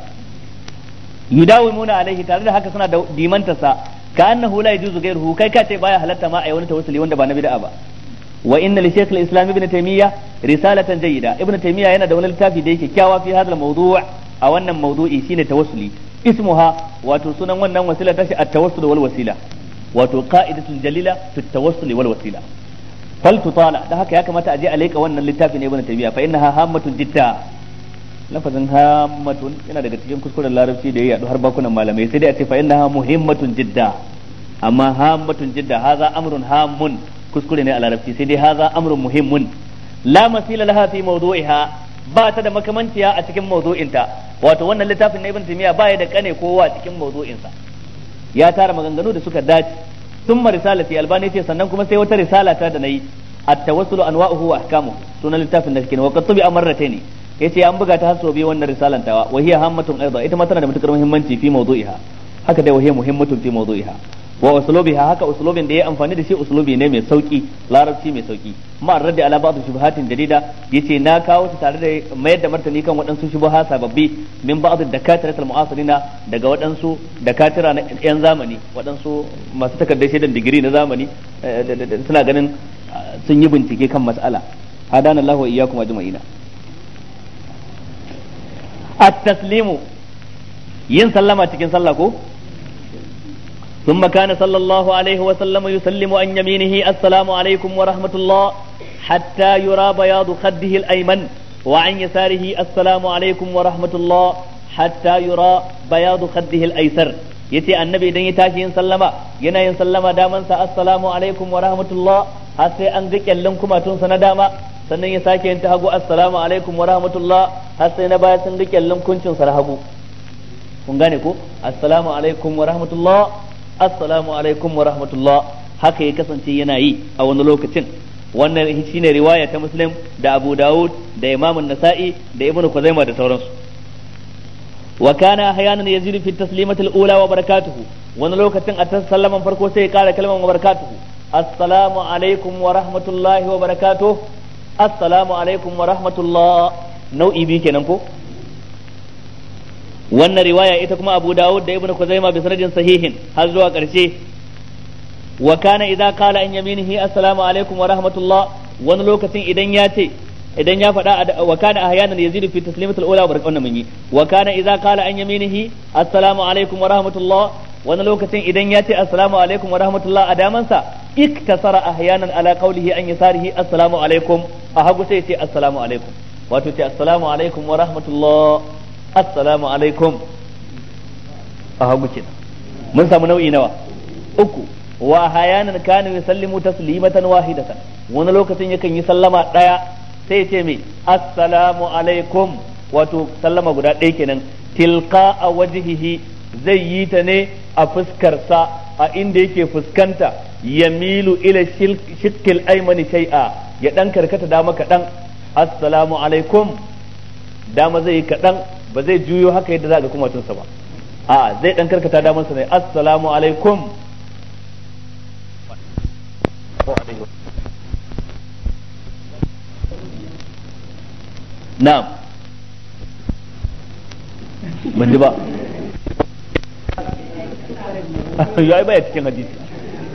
muna alaihi tare da haka suna da dimantarsa ka annahu la yajuzu ghayruhu kai ka ce baya halatta ma a wani tawassuli wanda ba na bid'a ba wa inna li shaykh al-islam ibn taymiya risalatan jayyida ibn taymiya yana da wani littafi da yake kyawa fi hadha al-mawdu' a wannan mawdu'i shine tawassuli ismuha wato sunan wannan wasila tashi at-tawassul wal wasila wato qa'idatul jalila fi at-tawassul wal wasila fal tutala da haka ya kamata a je a leka wannan littafin ne ibn taymiya fa innaha hammatun jitta lafazin hamatun yana daga cikin kuskuren larabci da ya yadu har bakunan malamai sai dai a ce fa innaha muhimmatun jidda amma hamatun jidda haza amrun hamun kuskure ne a larabci sai dai haza amrun muhimmun la masila laha fi mawdu'iha ba ta da makamanciya a cikin mawdu'inta wato wannan littafin na ibn timiya ba ya da kane kowa a cikin mawdu'insa ya tara maganganu da suka dace sun risalati albani ce sannan kuma sai wata risala ta da nayi at-tawassulu anwa'uhu wa ahkamuhu sunan littafin da kike wa qad tubi amrataini yace an buga ta hasso bi wannan risalan tawa wa hiya hammatun aidan ita ma tana da matukar muhimmanci fi mawdu'iha haka dai wa hiya muhimmatun fi mawdu'iha wa uslubiha haka uslubin da ya amfani da shi uslubi ne mai sauki larabci mai sauki ma raddi ala ba'd shubhatin jadida yace na kawo ta tare da mayar da martani kan waɗansu shubha sababbi min ba'd dakatiratul mu'asirina daga waɗansu dakatira na yan zamani waɗansu masu takardar shaidan digiri na zamani eh, suna ganin ah, sun yi bincike kan mas'ala hadana Allahu iyyakum ajma'ina at-taslimu yin sallama cikin sallah ko ثم كان صلى الله عليه وسلم يسلم عن يمينه السلام عليكم ورحمة الله حتى يرى بياض خده الأيمن وعن يساره السلام عليكم ورحمة الله حتى يرى بياض خده الأيسر yace annabi idan ya tashi yin sallama yana yin sallama daman sa assalamu alaikum wa rahmatullah har sai an ga kyallin kumatunsa na dama sannan ya sake yin ta hagu assalamu alaikum wa rahmatullah har sai na baya sun rike lankuncin sa hagu kun gane ko assalamu alaikum wa rahmatullah assalamu alaikum wa rahmatullah haka ya kasance yana yi a wani lokacin wannan shine riwaya ta muslim da abu dawud da imamun nasa'i da ibnu kuzaima da sauransu wa kana hayanan yazidu fi taslimati al-ula wa barakatuhu wani lokacin a ta sallaman farko sai ya kara kalmar wa barakatuhu assalamu alaikum wa rahmatullahi wa barakatuhu assalamu alaikum wa rahmatullah nau'i bi kenan ko wannan riwaya ita kuma Abu Dawud da Ibnu Khuzaimah bi sanadin sahihin har zuwa karshe wa kana idza qala an yaminihi assalamu alaikum wa rahmatullah wani lokacin idan ya ce idan ya faɗa wa kana ahyanan yazidu fi taslimatul ula bar kauna mun yi wa kana idza qala an yaminihi assalamu alaikum wa rahmatullah wani lokacin idan ya ce assalamu alaikum wa rahmatullah a damansa iktasara ahyanan ala qawlihi an yasarihi assalamu alaikum a hagu sai ce assalamu alaikum wato ce assalamu alaikum wa rahmatullah assalamu alaikum a hagu kenan mun samu nau'i nawa uku wa ahyanan kanu yusallimu taslimatan wahidatan wani lokacin yakan yi sallama daya sai ce mai assalamu alaikum wato sallama guda ɗaya kenan tilka a wajihihi zai yi ta ne a fuskarsa a inda yake fuskanta yamilu ila shikil aimani shay'a ya dan karkata dama kaɗan assalamu alaikum dama zai yi kaɗan ba zai juyo haka yadda za ga tunsa ba a zai dan karkata damansa ne assalamu alaikum na'am ban ji ba yi baya cikin hadisi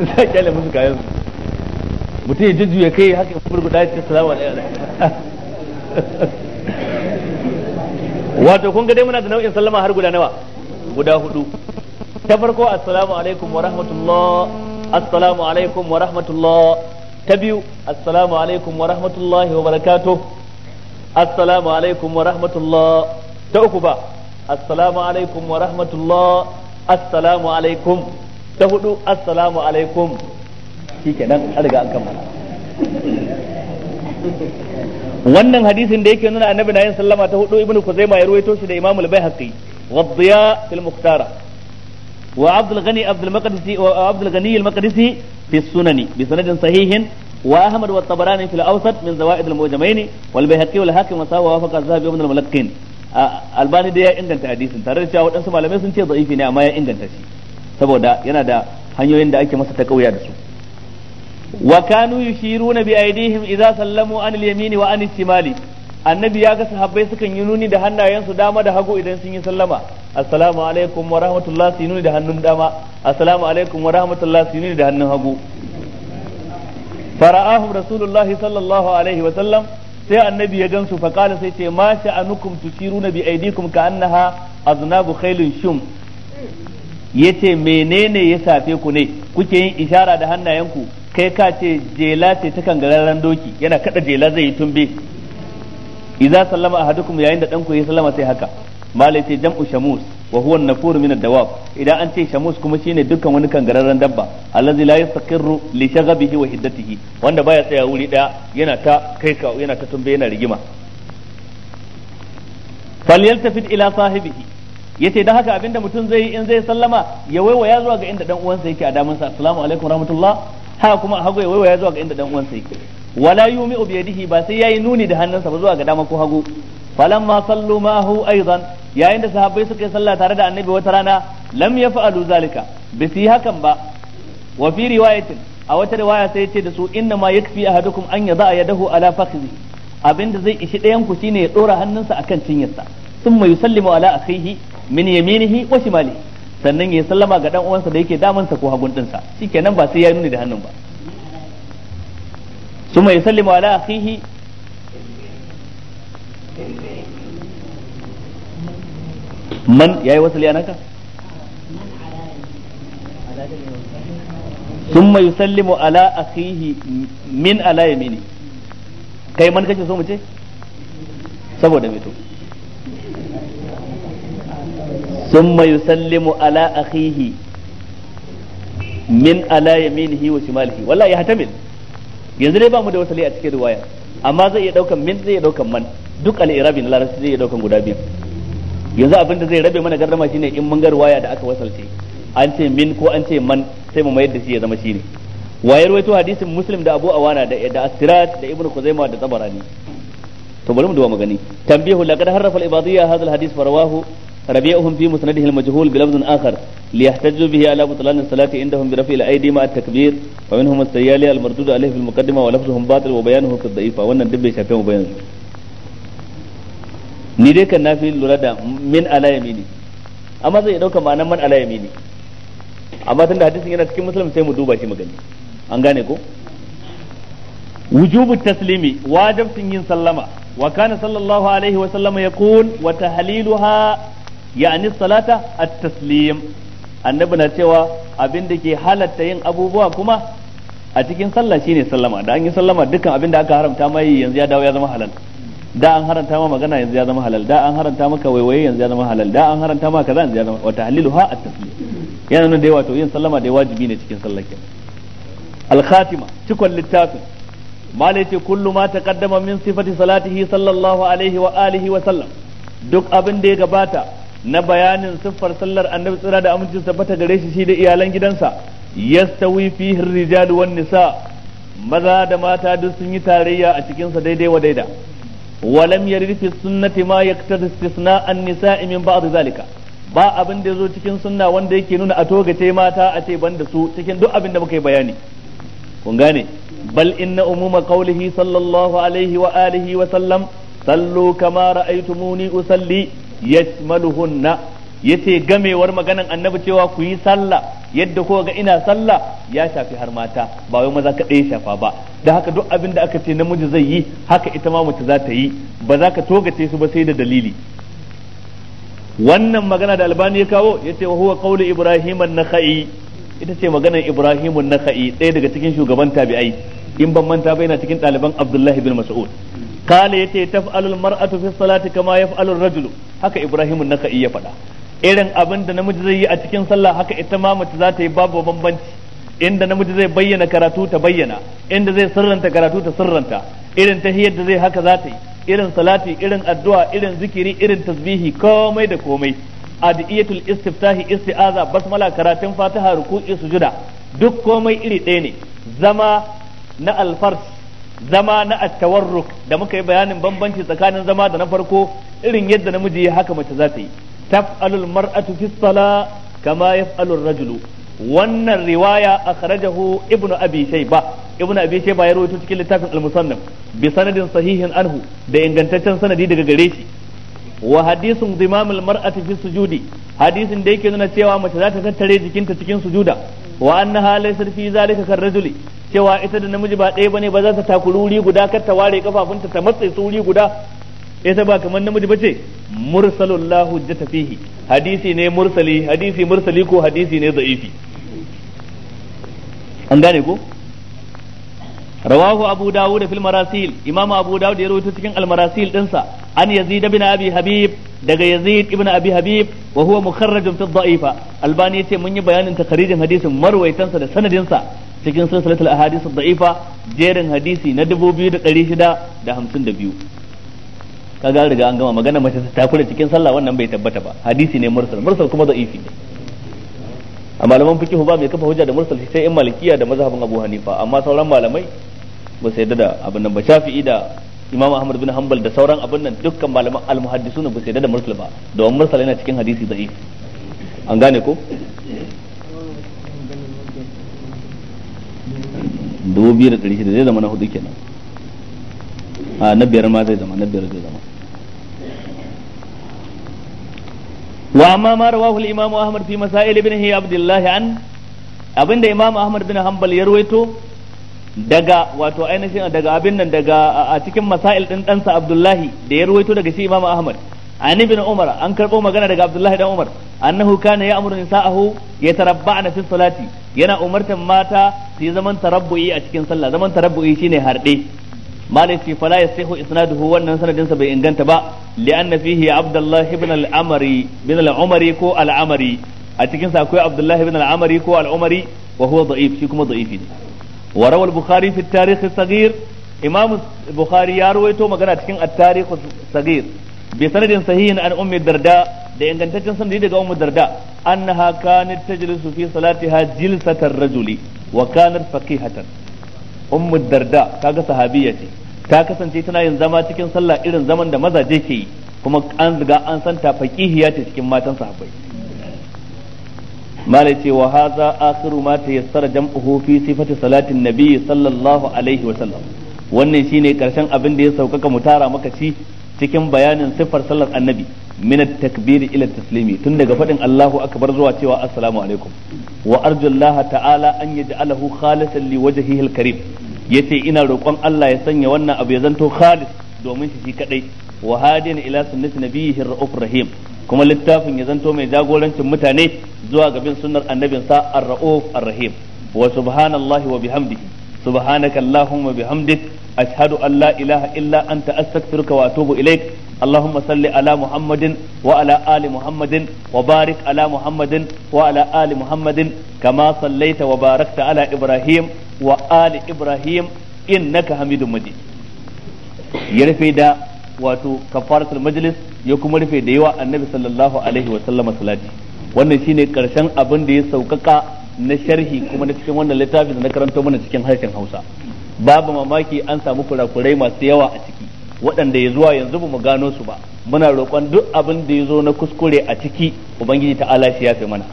za a kyale musu kayan su mutum ya jujjuya kai haka ya furguda ya ce salamu alaikum wato kun ga dai muna da nau'in sallama har guda nawa guda hudu ta farko assalamu alaikum wa rahmatullah assalamu alaikum wa rahmatullah ta biyu assalamu alaikum wa rahmatullahi wa barakatuh assalamu wa rahmatullah ta uku ba assalamu wa rahmatullah assalamu ta hudu assalamu wannan hadisin da yake nuna annabi na yin sallama ta hudu ibnu kuzaima ya ruwaito shi da imam al-baihaqi wa dhiya fil muhtara wa abdul ghani abdul maqdisi wa abdul ghani al-maqdisi fi sunani bi sanadin sahihin واحمد والطبراني في الاوسط من زوائد المعجمين والبيهقي والحاكم وساوى وافق الذهبي ومن الملقين الباني dai ya inganta hadisin tare da cewa waɗansu malamai sun ce da'ifi ne amma ya inganta shi saboda yana da hanyoyin da ake masa takawiya da su wa kanu yushiruna bi aydihim idza sallamu an al yamin wa an shimali annabi ya ga sahabbai sukan yi nuni da hannayensu dama da hagu idan sun yi sallama assalamu alaikum wa rahmatullah su yi nuni da hannun dama assalamu alaikum wa rahmatullah su yi nuni da hannun hagu fara'ahum rasulullahi sallallahu alaihi wa sallam sai annabi ya gansu fa qala sai ce ma sha'anukum tusiruna bi aidikum ka annaha aznabu khailun shum yace menene ya safe ku ne kuke yin ishara da hannayenku kai ka ce jela ce ta kangararren doki yana kada jela zai yi tumbe idza sallama ahadukum yayin da danku ya sallama sai haka malai ce jam'u shamus wa huwa an-nafur min ad-dawab idan an ce shamus kuma shine dukkan wani kangararren dabba allazi la yastaqirru li shaghabihi wa hiddatihi wanda baya tsaya wuri daya yana ta kai ka yana ta tumbe yana rigima falyaltafit ila sahibihi yace da haka abinda mutum zai yi in zai sallama ya waiwaya zuwa ga inda dan uwansa yake a sa assalamu alaikum rahmatullah haka kuma hagu ya waiwaya zuwa ga inda dan uwansa yake wala yumi'u bi yadihi ba sai yayi nuni da hannunsa ba zuwa ga dama ko hagu falamma sallu aizan aidan yayin da sahabbai suka yi sallah tare da annabi wata rana lam yaf'alu zalika bi su hakan ba wa fi riwayatin a wata riwaya sai ce da su inna ma yakfi ahadukum an yada'a yadahu ala fakhzi abinda zai ishi ɗayan ku shine ya dora hannunsa akan cinyarsa thumma yusallimu ala akhihi min yaminihi wa shimalihi sannan ya sallama ga dan uwansa da yake sa ko hagun dinsa shikenan ba sai ya nuni da hannun ba thumma yusallimu ala akhihi man yayi wasali anaka thumma yusallimu ala akhihi min ala yamini kai man kace so mu ce saboda me to thumma yusallimu ala akhihi min ala yaminihi wa shimalihi wallahi ya hatamil yanzu dai ba mu da wasali a cikin riwaya amma zai iya min zai iya man duk al-irabi na larabci zai daukan guda biyu yanzu abin da zai rabe mana gardama shine in mun garwaya da aka wasalce an ce min ko an ce man sai mu mayar da shi ya zama shine wayar waito hadisin muslim da abu awana da da asirat da ibnu kuzaima da tabarani to bari mu duba magani tambihu laqad harrafa al-ibadiyya hadha al-hadith farawahu ربيعهم في مسنده المجهول بلفظ آخر ليحتجوا به على بطلان الصلاة عندهم برفع الأيدي مع التكبير ومنهم السيالي المردود عليه في المقدمة ولفظهم باطل وبيانه في الضعيفة وأن الدب يشافيه بيانه ni dai kan nafi lura da min ala yamini amma zai dauka ma'anar man ala yamini amma tunda hadisin yana cikin musulmi sai mu duba shi mu gani an gane ko wujubu taslimi wajibcin yin sallama wa kana sallallahu alaihi wa sallama yaqul wa tahliluha ya'ni salata at-taslim annabi na cewa abin da ke halatta yin abubuwa kuma a cikin sallah shine sallama da an yi sallama dukkan abin da aka haramta mai yanzu ya dawo ya zama halal da an haranta ma magana yanzu ya zama halal da an haranta maka waiwaye yanzu ya zama halal da an haranta ma kaza yanzu ya zama halilu ha at-taslim yana nuna da wato yin sallama da wajibi ne cikin sallar kenan al-khatima cikon littafin malai ce kullu ma taqaddama min sifati salatihi sallallahu alaihi wa alihi wa sallam duk abin da ya gabata na bayanin siffar sallar annabi tsira da amincin bata gare shi shi da iyalan gidansa yastawi fihi ar rijalu wan nisa maza da mata duk sun yi tarayya a cikin sa daidai wa daida ولم يرد في السنة ما يقتضي استثناء النساء من بعض ذلك ba abin da yazo cikin sunna wanda yake nuna a togace mata a ce banda su cikin duk abin da muka yi bayani kun gane bal inna umuma qawlihi sallallahu alaihi wa alihi wa sallam sallu kama ra'aytumuni usalli yashmaluhunna yace gamewar maganan annabi cewa ku yi sallah yadda ko ga ina sallah ya shafi har mata ba wai maza ka ya shafa ba da haka duk abin da aka ce namiji zai yi haka ita ma mace za ta yi ba za ka togace su ba sai da dalili wannan magana da albani ya kawo yace wa huwa qawlu ibrahim an-nakhai ita ce maganar ibrahim an-nakhai ɗaya daga cikin shugaban tabi'ai in ban manta ba yana cikin ɗaliban abdullahi bin mas'ud kale yace يتي تفعل المرأة kama الصلاة rajulu haka haka هكا إبراهيم ya faɗa. irin abin da namiji zai yi a cikin sallah haka ita ma mace za ta yi babu bambanci inda namiji zai bayyana karatu ta bayyana inda zai sirranta karatu ta sirranta irin tahiyyar da zai haka za ta yi irin salati irin addu'a irin zikiri irin tasbihi komai da komai adiyatul istiftahi isti'aza basmala karatun fatiha ruku'i sujuda duk komai iri ɗaya ne zama na alfars zama na attawarruk da muka yi bayanin bambanci tsakanin zama da na farko irin yadda namiji ya haka mace za ta yi taf'alul mar'atu fi sala kama yaf'alur rajulu wannan riwaya akhrajahu ibnu abi shayba ibnu abi shayba ya rawaito cikin littafin al-musannaf bi sanadin sahihin anhu da ingantaccen sanadi daga gare shi wa hadisun zimamul mar'ati fi sujudi hadisin da yake nuna cewa mace za ta tattare jikinta cikin sujuda wa annaha laysa fi zalika kar rajuli cewa ita da namiji ba ɗaya bane ba za ta takuri wuri guda kar ta ware kafafunta ta matse su wuri guda Eh, ita ba kamar namiji ba ce. la fihi hadisi ne mursali hadisi mursali ko hadisi ne za'ifi. an gane ko rawahu abu dawud fil marasil imam abu dawud ya rawaito cikin al marasil dinsa an yazid ibn abi habib daga yazid ibn abi habib wa huwa mukharraj fi dha'ifa albani yace mun yi bayanin takharijin hadisin sa da sanadinsa cikin silsilatul ahadith ad-da'ifa jerin hadisi na 2652 kaga an riga an gama magana mace ta kula cikin sallah wannan bai tabbata ba hadisi ne mursal mursal kuma da ifi a malaman fiqh ba mai kafa hujja da mursal sai in malikiya da mazhabin Abu Hanifa amma sauran malamai ba su yadda da abin nan ba Shafi'i da Imam Ahmad bin Hanbal da sauran abin nan dukkan malaman al-muhaddisuna ba su yadda da mursal ba domin mursal yana cikin hadisi da ifi an gane ko dubu biyu da ɗari shida zai zama na hudu kenan a na biyar ma zai zama na biyar zai zama wa amma ma rawahu al-imamu ahmad fi masail ibn abdullah an abinda imamu ahmad bin hanbal ya daga wato ainihin daga abin nan daga a cikin masail din dansa abdullahi da ya ruwaito daga shi imamu ahmad an ibn umar an karbo magana daga abdullahi dan umar annahu kana ya'muru nisa'ahu yatarabba'na fi salati yana umartan mata su yi zaman tarabbu'i a cikin sallah zaman tarabbu'i shine harde malai ce fala yasihu isnaduhu wannan sanadin sa bai inganta ba li'anna fihi abdullah ibn al-amri bin al-umari ko al-amri a cikin sa akwai abdullah ibn al-amri ko al-umari wa huwa da'if shi kuma da'ifi ne wa rawal bukhari fi tarikh as-saghir imam bukhari ya ruwaito magana cikin at-tarikh as-saghir bi sanadin sahihin an ummi darda da ingantaccen sanadi daga ummi darda annaha kanat tajlisu fi salatiha jilsatar rajuli wa kanat faqihatan ummu darda kaga sahabiya ce ta kasance tana yin zama cikin sallah irin zaman da mazaje ke yi kuma an riga an san ta faqihiya ce cikin matan sahabbai malai ce wa hadha akhiru ma tayassara jam'uhu fi sifati salatin nabi sallallahu alaihi wa sallam wannan shine karshen abin da ya saukaka mutara maka shi cikin bayanin siffar sallar annabi min at-takbir taslimi tun daga faɗin Allahu aka bar zuwa cewa assalamu alaikum wa arju Allah ta'ala an yaj'alahu khalisan li wajhihi al-karim yace ina roƙon Allah ya sanya wannan abu ya zanto khalis domin shi shi kadai wa hadiyan ila sunnati nabiyhi ar-rauf rahim kuma littafin ya zanto mai jagorancin mutane zuwa gabin bin sunnar annabinsa ar-rauf ar-rahim wa subhanallahi wa bihamdihi subhanaka allahumma bihamdik ashhadu an ilaha illa anta astaghfiruka wato atubu ilaik اللهم صل على محمد وعلى آل محمد وبارك على محمد وعلى آل محمد كما صليت وباركت على إبراهيم وآل إبراهيم إنك حميد مجيد يرفي دا واتو كفارة المجلس يكم رفي ديوى النبي صلى الله عليه وسلم صلاته wannan shine karshen abin da ya saukaka na sharhi kuma na cikin wannan littafin da na karanto mana cikin harshen Hausa babu mamaki an samu kurakurai masu yawa a ciki waɗanda ya zuwa yanzu ba mu gano su ba muna roƙon duk abin da ya zo na kuskure a ciki ubangiji ta'ala shi ya fi mana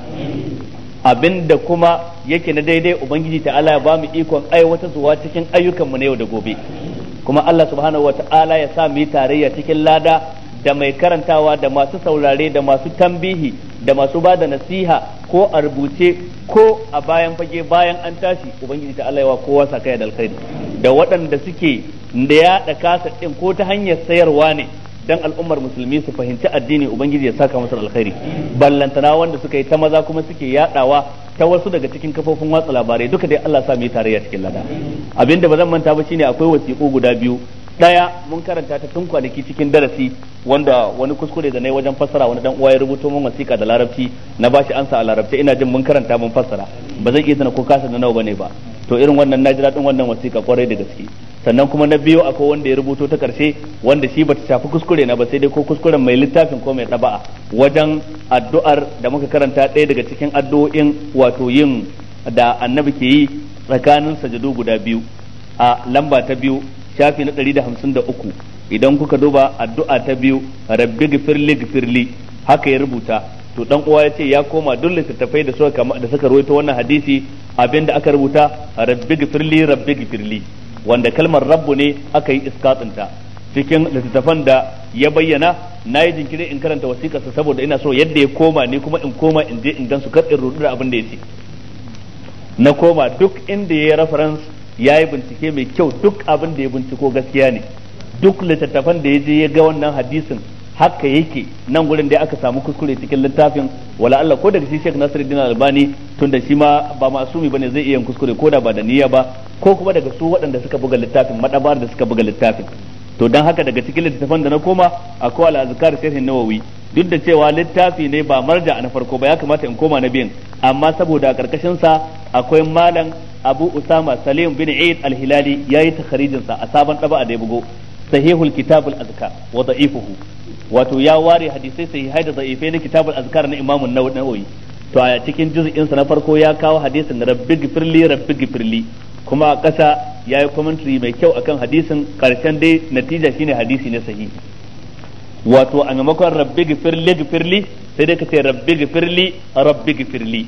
abin da kuma yake na daidai ubangiji ta'ala ya ba mu ikon aiwatarwa cikin ayyukanmu na yau da gobe kuma Allah subhanahu wa ta'ala ya sa mu yi tarayya cikin lada da mai karantawa da masu saurare da masu tambihi da masu ba da nasiha ko a rubuce ko a bayan fage bayan an tashi ubangiji ta Allah wa kowa kai da alkhairi da waɗanda suke da ya da kasa din ko ta hanyar sayarwa ne dan al'ummar musulmi su fahimci addini ubangiji ya saka masa alkhairi ballantana wanda suka yi ta maza kuma suke yadawa ta wasu daga cikin kafofin watsa labarai duka dai Allah sa mu yi tarayya cikin lada abinda ba zan manta ba shine akwai wasiƙo guda biyu daya mun karanta ta tun kwanaki cikin darasi wanda wani kuskure da nayi wajen fassara wani dan uwa ya rubuto min wasiƙa da larabci na bashi ansa a larabci ina jin mun karanta mun fassara ba zan iya tana ko kasa na nawa bane ba to irin wannan na jira din wannan wasiƙa kwarai da gaske sannan kuma na biyu akwai wanda ya rubuto ta ƙarshe wanda shi bata shafi kuskure na ba sai dai ko kuskuren mai littafin ko mai ɗaba'a wajen addu'ar da muka karanta ɗaya daga cikin addu'o'in wato yin da annabi ke yi tsakanin sajadu guda biyu a lamba ta biyu shafi na ɗari da hamsin da uku idan kuka duba addu'a ta biyu rabbi gifirli gifirli haka ya rubuta to dan uwa ya ce ya koma duk littattafai da suka da suka rawaito wannan hadisi abinda aka rubuta rabbi rabbighfirli wanda kalmar rabbu ne aka yi iskatin ta cikin littattafan da ya bayyana na yi jinkiri in karanta wasikarsa saboda ina so yadda ya koma ni kuma in koma in je in gan su kar in rudu da abin da ya ce na koma duk inda ya yi reference ya yi bincike mai kyau duk abin da ya binciko gaskiya ne duk littattafan da ya je ya ga wannan hadisin haka yake nan gurin da aka samu kuskure cikin littafin wala Allah ko daga shi Sheikh Nasiruddin Albani tun da shi ma ba masumi bane zai iya yin kuskure ko da ba da niyya ba ko kuma daga su waɗanda suka buga littafin madabar da suka buga littafin to dan haka daga cikin littafan da na koma akwai al-azkar sharhin nawawi duk da cewa littafi ne ba marja na farko ba ya kamata in koma na biyan amma saboda karkashin sa akwai malam Abu Usama Salim bin Eid al-Hilali yayi takharijin sa a sabon daba da ya bugo sahihul kitabul wato ya ware hadisai sahihai da za'ifai na kitabul azkar na Imam Nawawi to a cikin juz'in sa na farko ya kawo hadisin rabbi gifirli rabbi gifirli kuma a ƙasa ya yi commentary mai kyau akan hadisin karshen dai natija shine hadisi ne sahihi wato a maimakon rabbi gifirli gifirli sai dai ka ce rabbi gifirli rabbi gifirli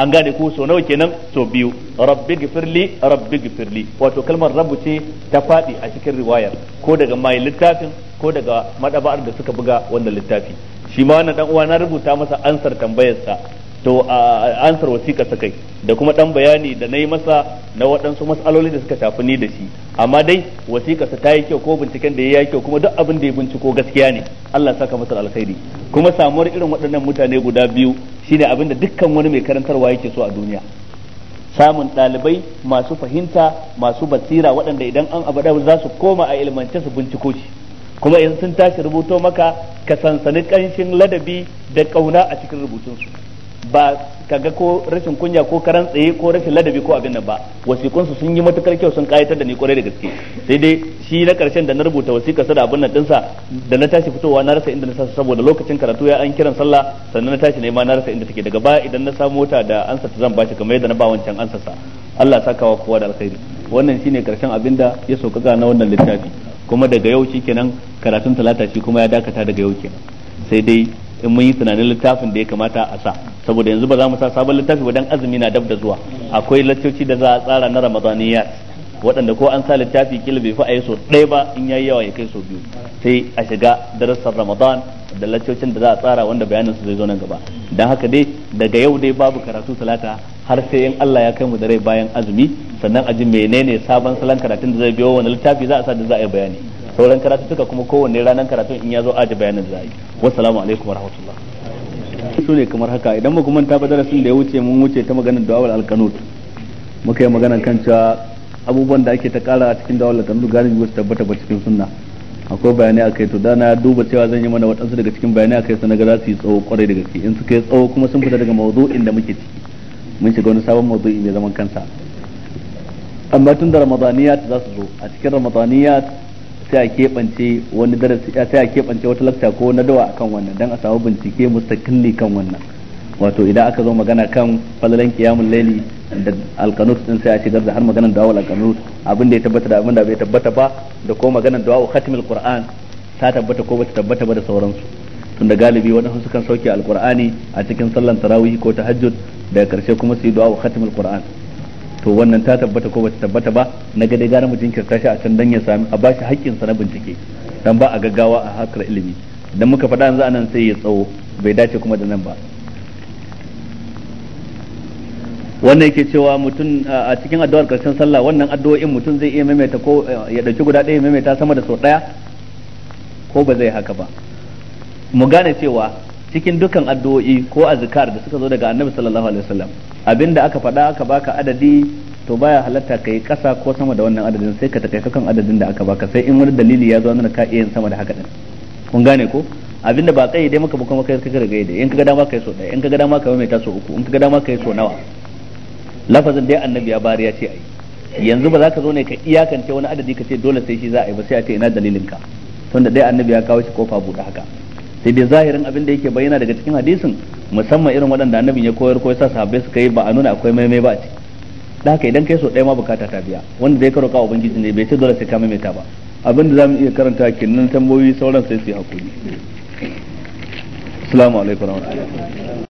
an gane ku so nawa kenan so biyu rabbi gifirli rabbi gifirli wato kalmar rabu ce ta faɗi a cikin riwayar ko daga mai littafin ko daga madaba'ar da suka buga wannan littafi shi ma wannan dan uwa na rubuta masa ansar tambayarsa to ansar wasiƙa ta kai da kuma ɗan bayani da nayi masa na waɗansu matsaloli da suka shafi ni da shi amma dai wasiƙa sa ta yi kyau ko binciken da ya yi kyau kuma duk abin da ya binciko gaskiya ne Allah saka masa alkhairi kuma samuwar irin waɗannan mutane guda biyu shine abin da dukkan wani mai karantarwa yake so a duniya samun ɗalibai masu fahimta masu basira waɗanda idan an abu za su koma a ilmance su binciko shi kuma in sun tashi rubuto maka ka sansani ƙanshin ladabi da ƙauna a cikin rubutunsu ba kaga ko rashin kunya ko karan tsaye ko rashin ladabi ko abin nan ba wasiƙun su sun yi matukar kyau sun kayatar da ni kwarai da gaske sai dai shi na karshen da na rubuta wasiƙa sa da abin nan dinsa da na tashi fitowa na rasa inda na sasa saboda lokacin karatu ya an kiran sallah sannan na tashi ne ma na rasa inda take daga baya idan na samu mota da ansa ta zan bashi kamar yadda na ba wancan ansa sa Allah sakawa kowa da alkhairi wannan shine karshen abin da ya saukaka na wannan littafi kuma daga yau kenan karatun talata shi kuma ya dakata daga yau kenan sai dai in mun yi tunanin littafin da ya kamata a sa saboda yanzu ba za mu sa sabon littafi ba dan azumi na dab da zuwa akwai lattoci da za a tsara na ramadaniyat waɗanda ko an sa littafi kila bai fi a yi so ɗaya ba in yayi yawa ya kai so biyu sai a shiga darasar ramadan da lattocin da za a tsara wanda bayanin su zai zo nan gaba dan haka dai daga yau dai babu karatu salata har sai in Allah ya kai mu da rai bayan azumi sannan a ji menene sabon salon karatun da zai biyo wani littafi za a sa da za a yi bayani sauran karatu suka kuma kowanne ranar karatu in ya zo aji bayanin da yi wassalamu alaikum warahmatullah su ne kamar haka idan muka manta ba darasin da ya wuce mun wuce ta maganar dawal alkanut muka yi magana kan cewa abubuwan da ake ta kara a cikin dawal alkanut galibi wasu tabbata ba cikin sunna akwai bayanai akai to da na duba cewa zan yi mana waɗansu daga cikin bayanai akai sai naga za su yi tsawo kwarai da gaske in suka yi tsawo kuma sun fita daga mawdu'in da muke ciki mun shiga wani sabon mawdu'i mai zaman kansa amma tun da ramadaniyat za su zo a cikin ramadaniyat sai a keɓance wani darasi sai a keɓance wata lakta ko na dawa akan wannan dan a samu bincike mustaqilli kan wannan wato idan aka zo magana kan falalan kiyamun laili da alkanut din sai a shigar da har maganar dawal alkanut abin da ya tabbata da abin da bai tabbata ba da ko maganar dawa khatimul qur'an ta tabbata ko bata tabbata ba da sauransu tunda galibi waɗansu sukan sauke alkur'ani a cikin sallan tarawih ko tahajjud daga karshe kuma su yi du'a khatimul qur'an to wannan ta tabbata ko bata tabbata ba na ga dai gara mu ta shi a can dan ya sami a bashi haƙƙin sa na bincike dan ba a gaggawa a hakar ilimi dan muka faɗa yanzu anan sai ya tsawo bai dace kuma da nan ba wannan yake cewa mutum a cikin addu'ar karshen sallah wannan addu'o'in mutum zai iya maimaita ko eh, ya dauki guda ɗaya maimaita sama da sau ɗaya ko ba zai haka ba mu gane cewa cikin dukan addu'o'i ko azkar da suka zo daga annabi sallallahu alaihi wasallam abinda aka faɗa aka baka adadi to baya halatta ka yi ƙasa ko sama da wannan adadin sai ka takaita kan adadin da aka baka sai in wani dalili ya zo nuna ka iya yin sama da haka din kun gane ko abinda ba kai dai maka ba kuma kai ka rage da in kaga dama kai so ɗaya in kaga dama kai mai taso uku in kaga dama kai so nawa lafazin dai annabi ya bari ya ce ai yanzu ba za ka zo ne ka iyakance wani adadi ka ce dole sai shi za a yi ba sai a ce ina dalilin ka tunda dai annabi ya kawo shi kofa buɗe haka sai dai zahirin abin da yake bayyana daga cikin hadisin musamman irin waɗanda annabin ya koyar ko yasa sahabbai suka yi ba a nuna akwai maimai ba ce da haka idan kai so ɗaya ma bukata ta biya wanda zai karo ka ubangiji ne bai ce dole sai ka maimaita ba abin da mu iya karanta kinnan tambayoyi sauran sai su yi hakuri assalamu alaikum